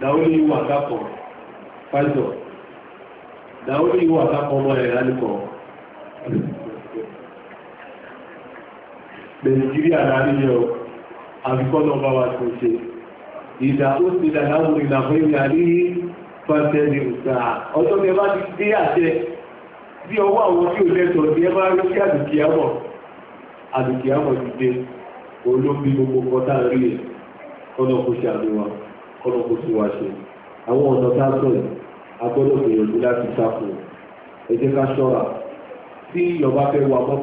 dáwọ́lé wà kápọ̀ pásítọ̀ dàwọn ìwọ àtàkọ ọmọ rẹ̀ lálùkọ nàìjíríà láàríyàn àfikọ́nà bá wa tó ṣe ìdá ó ti dà láwọn ìlànà ìlà ní pàtẹ́lì ìta ọjọ́ tẹ bá ti dé àṣẹ bí ọwọ́ àwọn tí ò lẹ́tọ̀ọ́ ní ẹ máa rí sí àdùkìyàmọ̀ àdùkìyàmọ̀ olóbi gbogbo kọta rí ẹ̀ kọ́nà kó ṣe àdúrà kọ́nà kó ṣe wáṣẹ àwọn ọ̀nà tá a agbọ́dọ̀ gbìyànjú láti sáfù ẹ jẹ́ ká ṣọ́ra tí ìyọba fẹ́ wa mọ́tò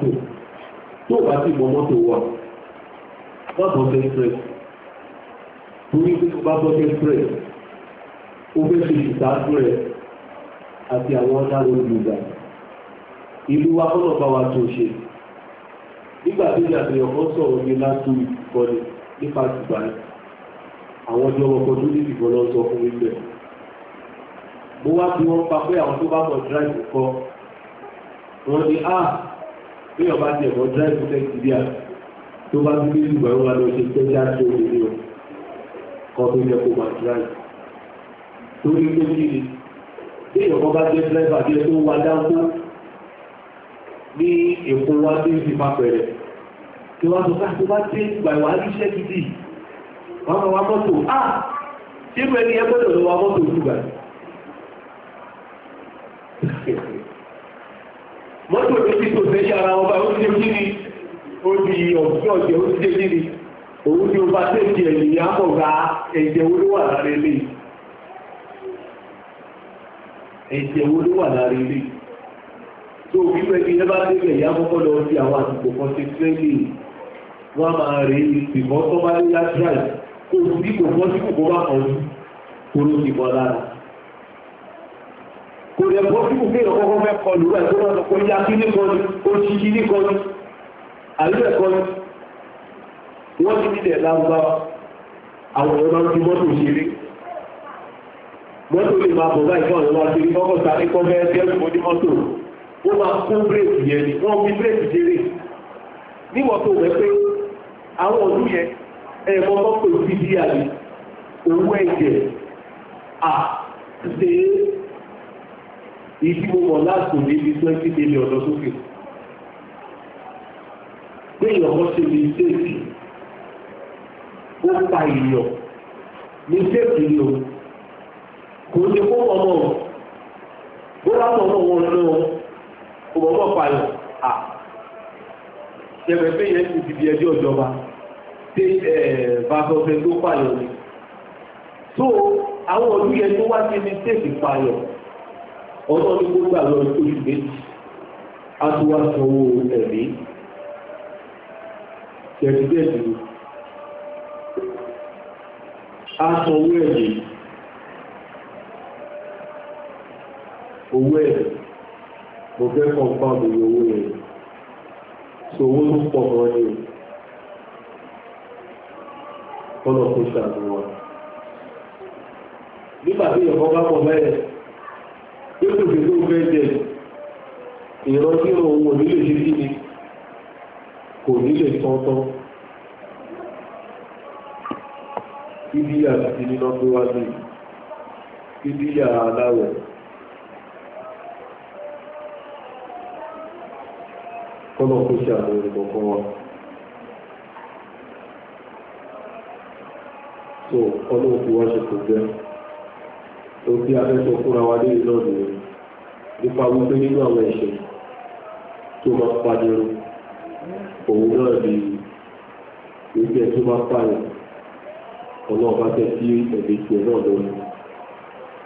tó bá sì mọ mọ́tò wà má bọ́ fẹ́ stress torí pé bá bọ́ fẹ́ stress ó fẹ́ ṣe ìṣàkóso rẹ̀ àti àwọn ọ̀dà lórí ìgbà ìlú wa kọ́nà bá wa tó ṣe nígbà tó ní àtẹ̀yọ̀ kan sọ̀rọ̀ ní látú ìkọlẹ̀ nípa Dubai àwọn ọjọ́ ọkọ̀ tó ní ìbọn sọ fún ilẹ̀ ó wá bí wọ́n pa pé àwọn tó bá mọ̀ dráìbù kọ́ wọ́n ní á ah, bí ọba ti ẹ̀mọ́ dráìbù nàìjíríà tó bá bí bí ìgbà wọn lọ ṣe tẹ́jú àti òdìrí o kọ́ tó yẹ kó máa dráìbù torí pé kí ni bí ìyọ̀kọ́ bá jẹ́ dráìbù àti ẹ̀ tó wá dáńkó ní èkó wá sí ìfipá pẹ̀rẹ̀ tí wọ́n ah, tó káàkiri bá tí ìgbà ìwà iṣẹ́ gidi wọ́n wá mọ́tò á ah, ṣé pẹ̀lú ẹgbẹ́ mọ́tò tó ti tò sẹ́yìn ara ọba ó ti kí ni ó di ọ̀gbìn ọ̀jẹ̀ ó ti dé kí ni òun ni ọba tẹ̀sí ẹ̀yìn àmọ̀gá ẹ̀jẹ̀ wo ló wà lára ilé ẹ̀jẹ̀ wo ló wà lára ilé tó wípé kí ẹ bá débẹ̀ ìyá kọ́kọ́ lọ sí àwọn àsìkò kan ti tẹ́lẹ̀ wọ́n máa rí ìbọn tó bá ní láti ráì kó o sì kò bọ́ sí kòkó bá kan kó ló ti bọ́ lára kò rẹ̀ bọ́ fún òfin ọkọ̀ọ̀kọ́ fẹ́ kọlù rẹ̀ tó wọ́n kọ ya kí nìkan ni oṣìṣì nìkan ni àríwẹ̀ kan ni wọ́n ti nílẹ̀ lágbá àwọn ọ̀rọ̀ máa ń fi mọ́tò ṣeré mọ́tò lè máa bọ̀ báyìí fún ọ̀rọ̀ máa ṣeré kọ́kọ́ sáré kọ́ fẹ́ tẹ́lú mọ́ ní mọ́tò ó máa kó bírèkì yẹn ni wọ́n fi bírèkì ṣeré níwọ̀n tó wẹ́ pé àwọn ọdún yẹn ẹ̀mọ́ mọ́tò ti di àlè owó ẹ̀jẹ̀ à ṣe é ìdí mo mọ̀ láti òní bí twenty million lọ sókè pé ìyọ̀kọ́ ṣe ní ṣéèkì ó pa ìyọ̀ ní ṣéèkì ni o kò ní kó ọmọ o bó bá mọ̀ ọmọ wọn lọ kò mọ̀ ọmọ payọ̀ à ṣẹlẹ̀ pé yẹn ti di di ẹjọ́ ìjọba tí bàbá ọ̀fẹ́ tó payọ̀ ni so àwọn olùyẹ tó wá sí ní ṣéèkì payọ̀ ọjọ́ ní gbogbo àwọn oṣù méjì a tó wá san owó ẹ̀mí tẹ̀síbẹ̀sì a san owó ẹ̀mí owó ẹ̀ mo fẹ́ kàn bá mi owó ẹ̀ so owó ló pọ̀ mọ́ ni kọ́nà kó nígbà tí ìyọ̀kọ́ bá pọ̀ mẹ́rẹ̀ẹ́ pépè tí ó fẹ́ jẹ ìrántí ohun onílé ṣe kí ni kò nílé tọ́tọ́ ìdíyà ti níná tó wá ní ìdíyà aláwọ̀ kọ́nà kó ṣe àwọn olùkọ̀ọ̀kan wa so ọlọ́ọ̀kú wá ṣe kò jẹ́ tó kí afẹ́sọ fúnra wa lórí lọ́dún rẹ̀ nípa wípé nínú àwọn ẹ̀ṣẹ̀ tó máa pàdérò òun náà ni wípé tó máa pààyàn ọ̀nà ọba jẹ́ sí ẹ̀mí tiẹ̀ náà lọ́nà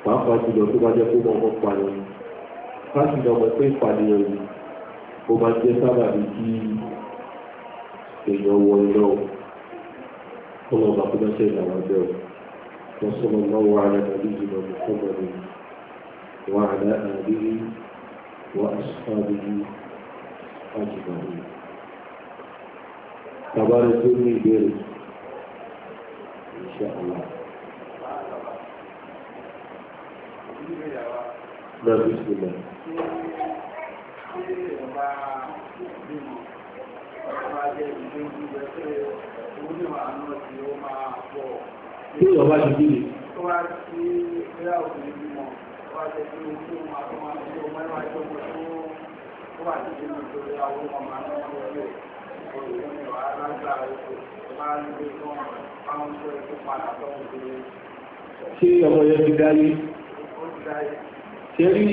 pàápàá jùlọ tó bá jẹ́ kó pààyàn káàkiri pé yìí ó máa jẹ́ sábà kí وصلى الله على نبينا محمد وعلى آله وأصحابه أجمعين تبارك الله بير إن شاء الله لا بسم الله Thank you. tí ìyọ̀ bá ti dìde. Ṣé ọmọ yẹn ti dáyé? Ṣé rí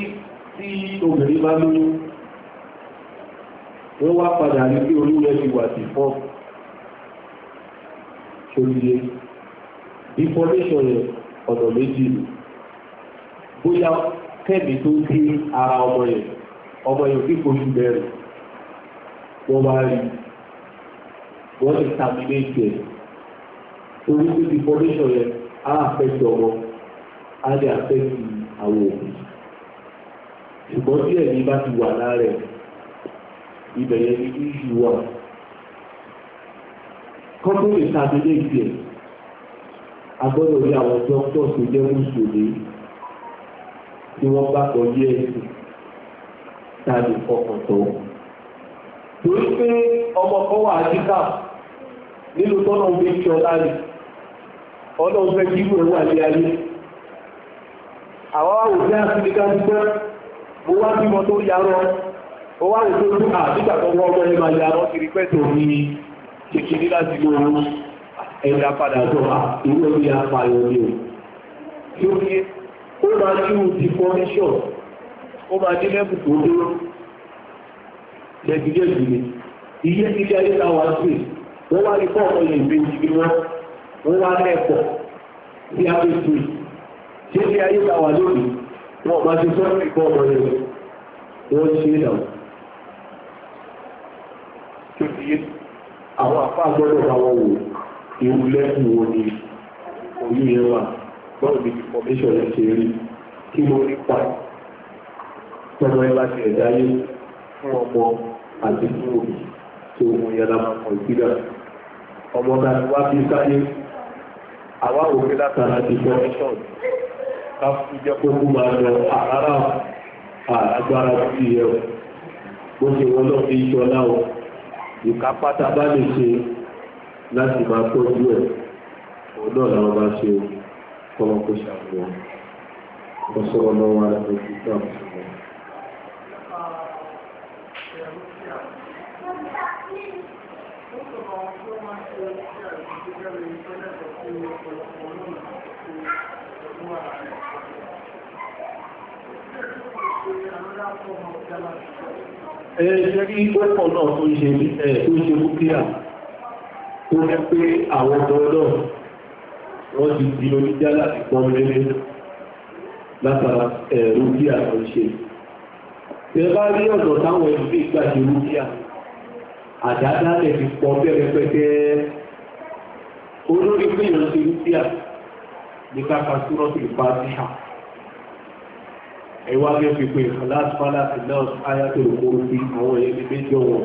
tí obìnrin bá lóyún? Wọ́n wá padà rí pé olúwẹ̀ ti wà sí fọ́. Ṣé oríire? information yẹn ọ̀nà méjì ni bóyá kẹ́mi tó dé ara ọmọ yẹn ọmọ yẹn kí oṣù mẹ́rin wọ́n wá rí wọ́n ti terminate yẹn torí pé information yẹn á affect ọmọ á lè affect àwọn òbí ṣùgbọ́n tí ẹ̀mí bá ti wà lára ẹ̀ ibẹ̀ yẹn ni issue wà kọ́ńtò lè terminate yẹn. agbọ́dọ̀ ní àwọn dókítọ̀ tó jẹ́ mùsùlùmí tí wọ́n bá tàbí tó. torí pé ọmọ kan wà ájíkà nínú tọ́nà ń fi ọlá rẹ̀ ọ̀nà fẹ́ àti ayé. àwọn àwòrán mo wá bímọ tó yarọ wá tó wọ́n ní kékeré láti ẹ̀dà padà tó wà ìwé orí apààyàn ni o tí ó yé ó máa ní irú ti fọ́níṣọ̀n ó máa ní lẹ́bù tó dúró lẹ́gbẹ̀ẹ́jì ni iye ti dé ayé táwa sí wọ́n wá ní fọ́ọ̀mù ilẹ̀ ìbejì ni wọ́n wọ́n wá lẹ́pọ̀ sí abẹ́sùn ṣé ní ayé táwa lónìí wọ́n máa ti sọ́ọ̀mù ìfọ́ọ̀mù ilẹ̀ wọ́n ṣe é dàwọn tó ti yé àwọn àpá gbọ́dọ̀ bá wọn wò ó ewu lẹ́kùn wo ni oyún yẹn wà bọ́ọ̀ bí information yẹn ṣe rí kí ló rí pa tọ́mọ ẹ bá tiẹ̀ dáyé fún ọmọ àti fún òbí tó mú yẹn lára kan ìgbìdá ọmọ náà wá bí sáyé àwa òfin látara ti information ká jẹ́ kó kú máa lọ àrárá àgbára sí ẹ̀ bó ṣe wọ́n lọ́ọ́ fi ṣọlá o ìkápátá bá lè ṣe láti máa tọ́jú ẹ̀ ọ̀dọ́ làwọn bá ṣe kọ́lọ́ kó ṣàfihàn ọ̀sọ́rọ̀ lọ́wọ́ rẹ̀ tó ti tà mọ́. Ẹ̀ẹ́dẹ́gbẹ́ tó pọ̀ náà tó ṣe fúkíà tó jẹ́ pé àwọn ọ̀dọ́ wọ́n ti di oníjálà ti pọ́n lélẹ̀ látara rúkìá tó ṣe tẹ bá rí ọ̀dọ̀ táwọn ẹ̀mí ìgbà ṣe rúkìá àdádálẹ̀ ti pọ̀ bẹ́ẹ̀ pẹ́tẹ́ olórí pé ìrìn ṣe rúkìá ní káka súnrọ́ sí ìpa síhà ẹ̀wá bẹ́ẹ̀ fi pé ìfọ̀láṣfálà ti náà ayá tó rò kó rúkì àwọn ẹ̀mí méjì ọ̀wọ̀n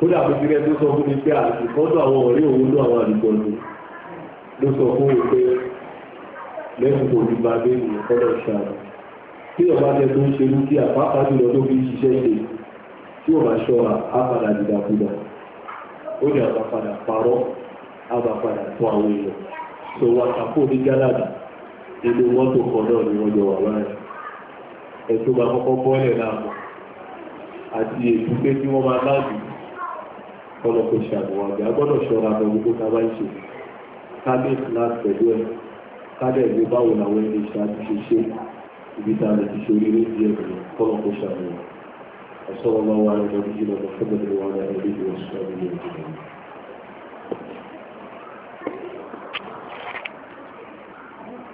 kódà bó ti rẹ̀ tó sọ fún mi pé àlùkọ́dọ̀ àwọn ọ̀rẹ́ òun ló àwọn àlùkọ́dọ̀ ló sọ fún mi pé lẹ́yìn tó ti bá gbé ìyẹn kọ́dọ̀ ṣáà tí ọba jẹ tó ń ṣe dúkìá pàápàá jùlọ tó fi ń ṣiṣẹ́ ṣe tí ọba ṣọ́ra á padà dìdàkudà ó ní àbá padà parọ́ àbá padà tó àwọn èèyàn tó wà sàkó ní gálàdì inú mọ́tò kan kọ́kọ́ bọ́ọ̀lẹ̀ náà mọ̀ àti ètùté tí wọ́n máa láàbì kọ́lọ̀ kò ṣe àbọ̀wọ̀ àgbẹ̀ agbọ́dọ̀ ṣọ́ra bọ̀ gbogbo ta bá ń ṣe kábíyèsí láti pẹ̀lú ẹ̀ kádẹ̀ ìlú báwo làwọn ẹni ṣe àtúnṣe ṣe ibi tá a lè ti ṣe oríire díẹ̀ rẹ̀ kọ́lọ̀ kò ṣe àbọ̀wọ̀ ọ̀sọ́rọ̀ máa wà lọ́jọ́ bí jìnnà lọ́fẹ́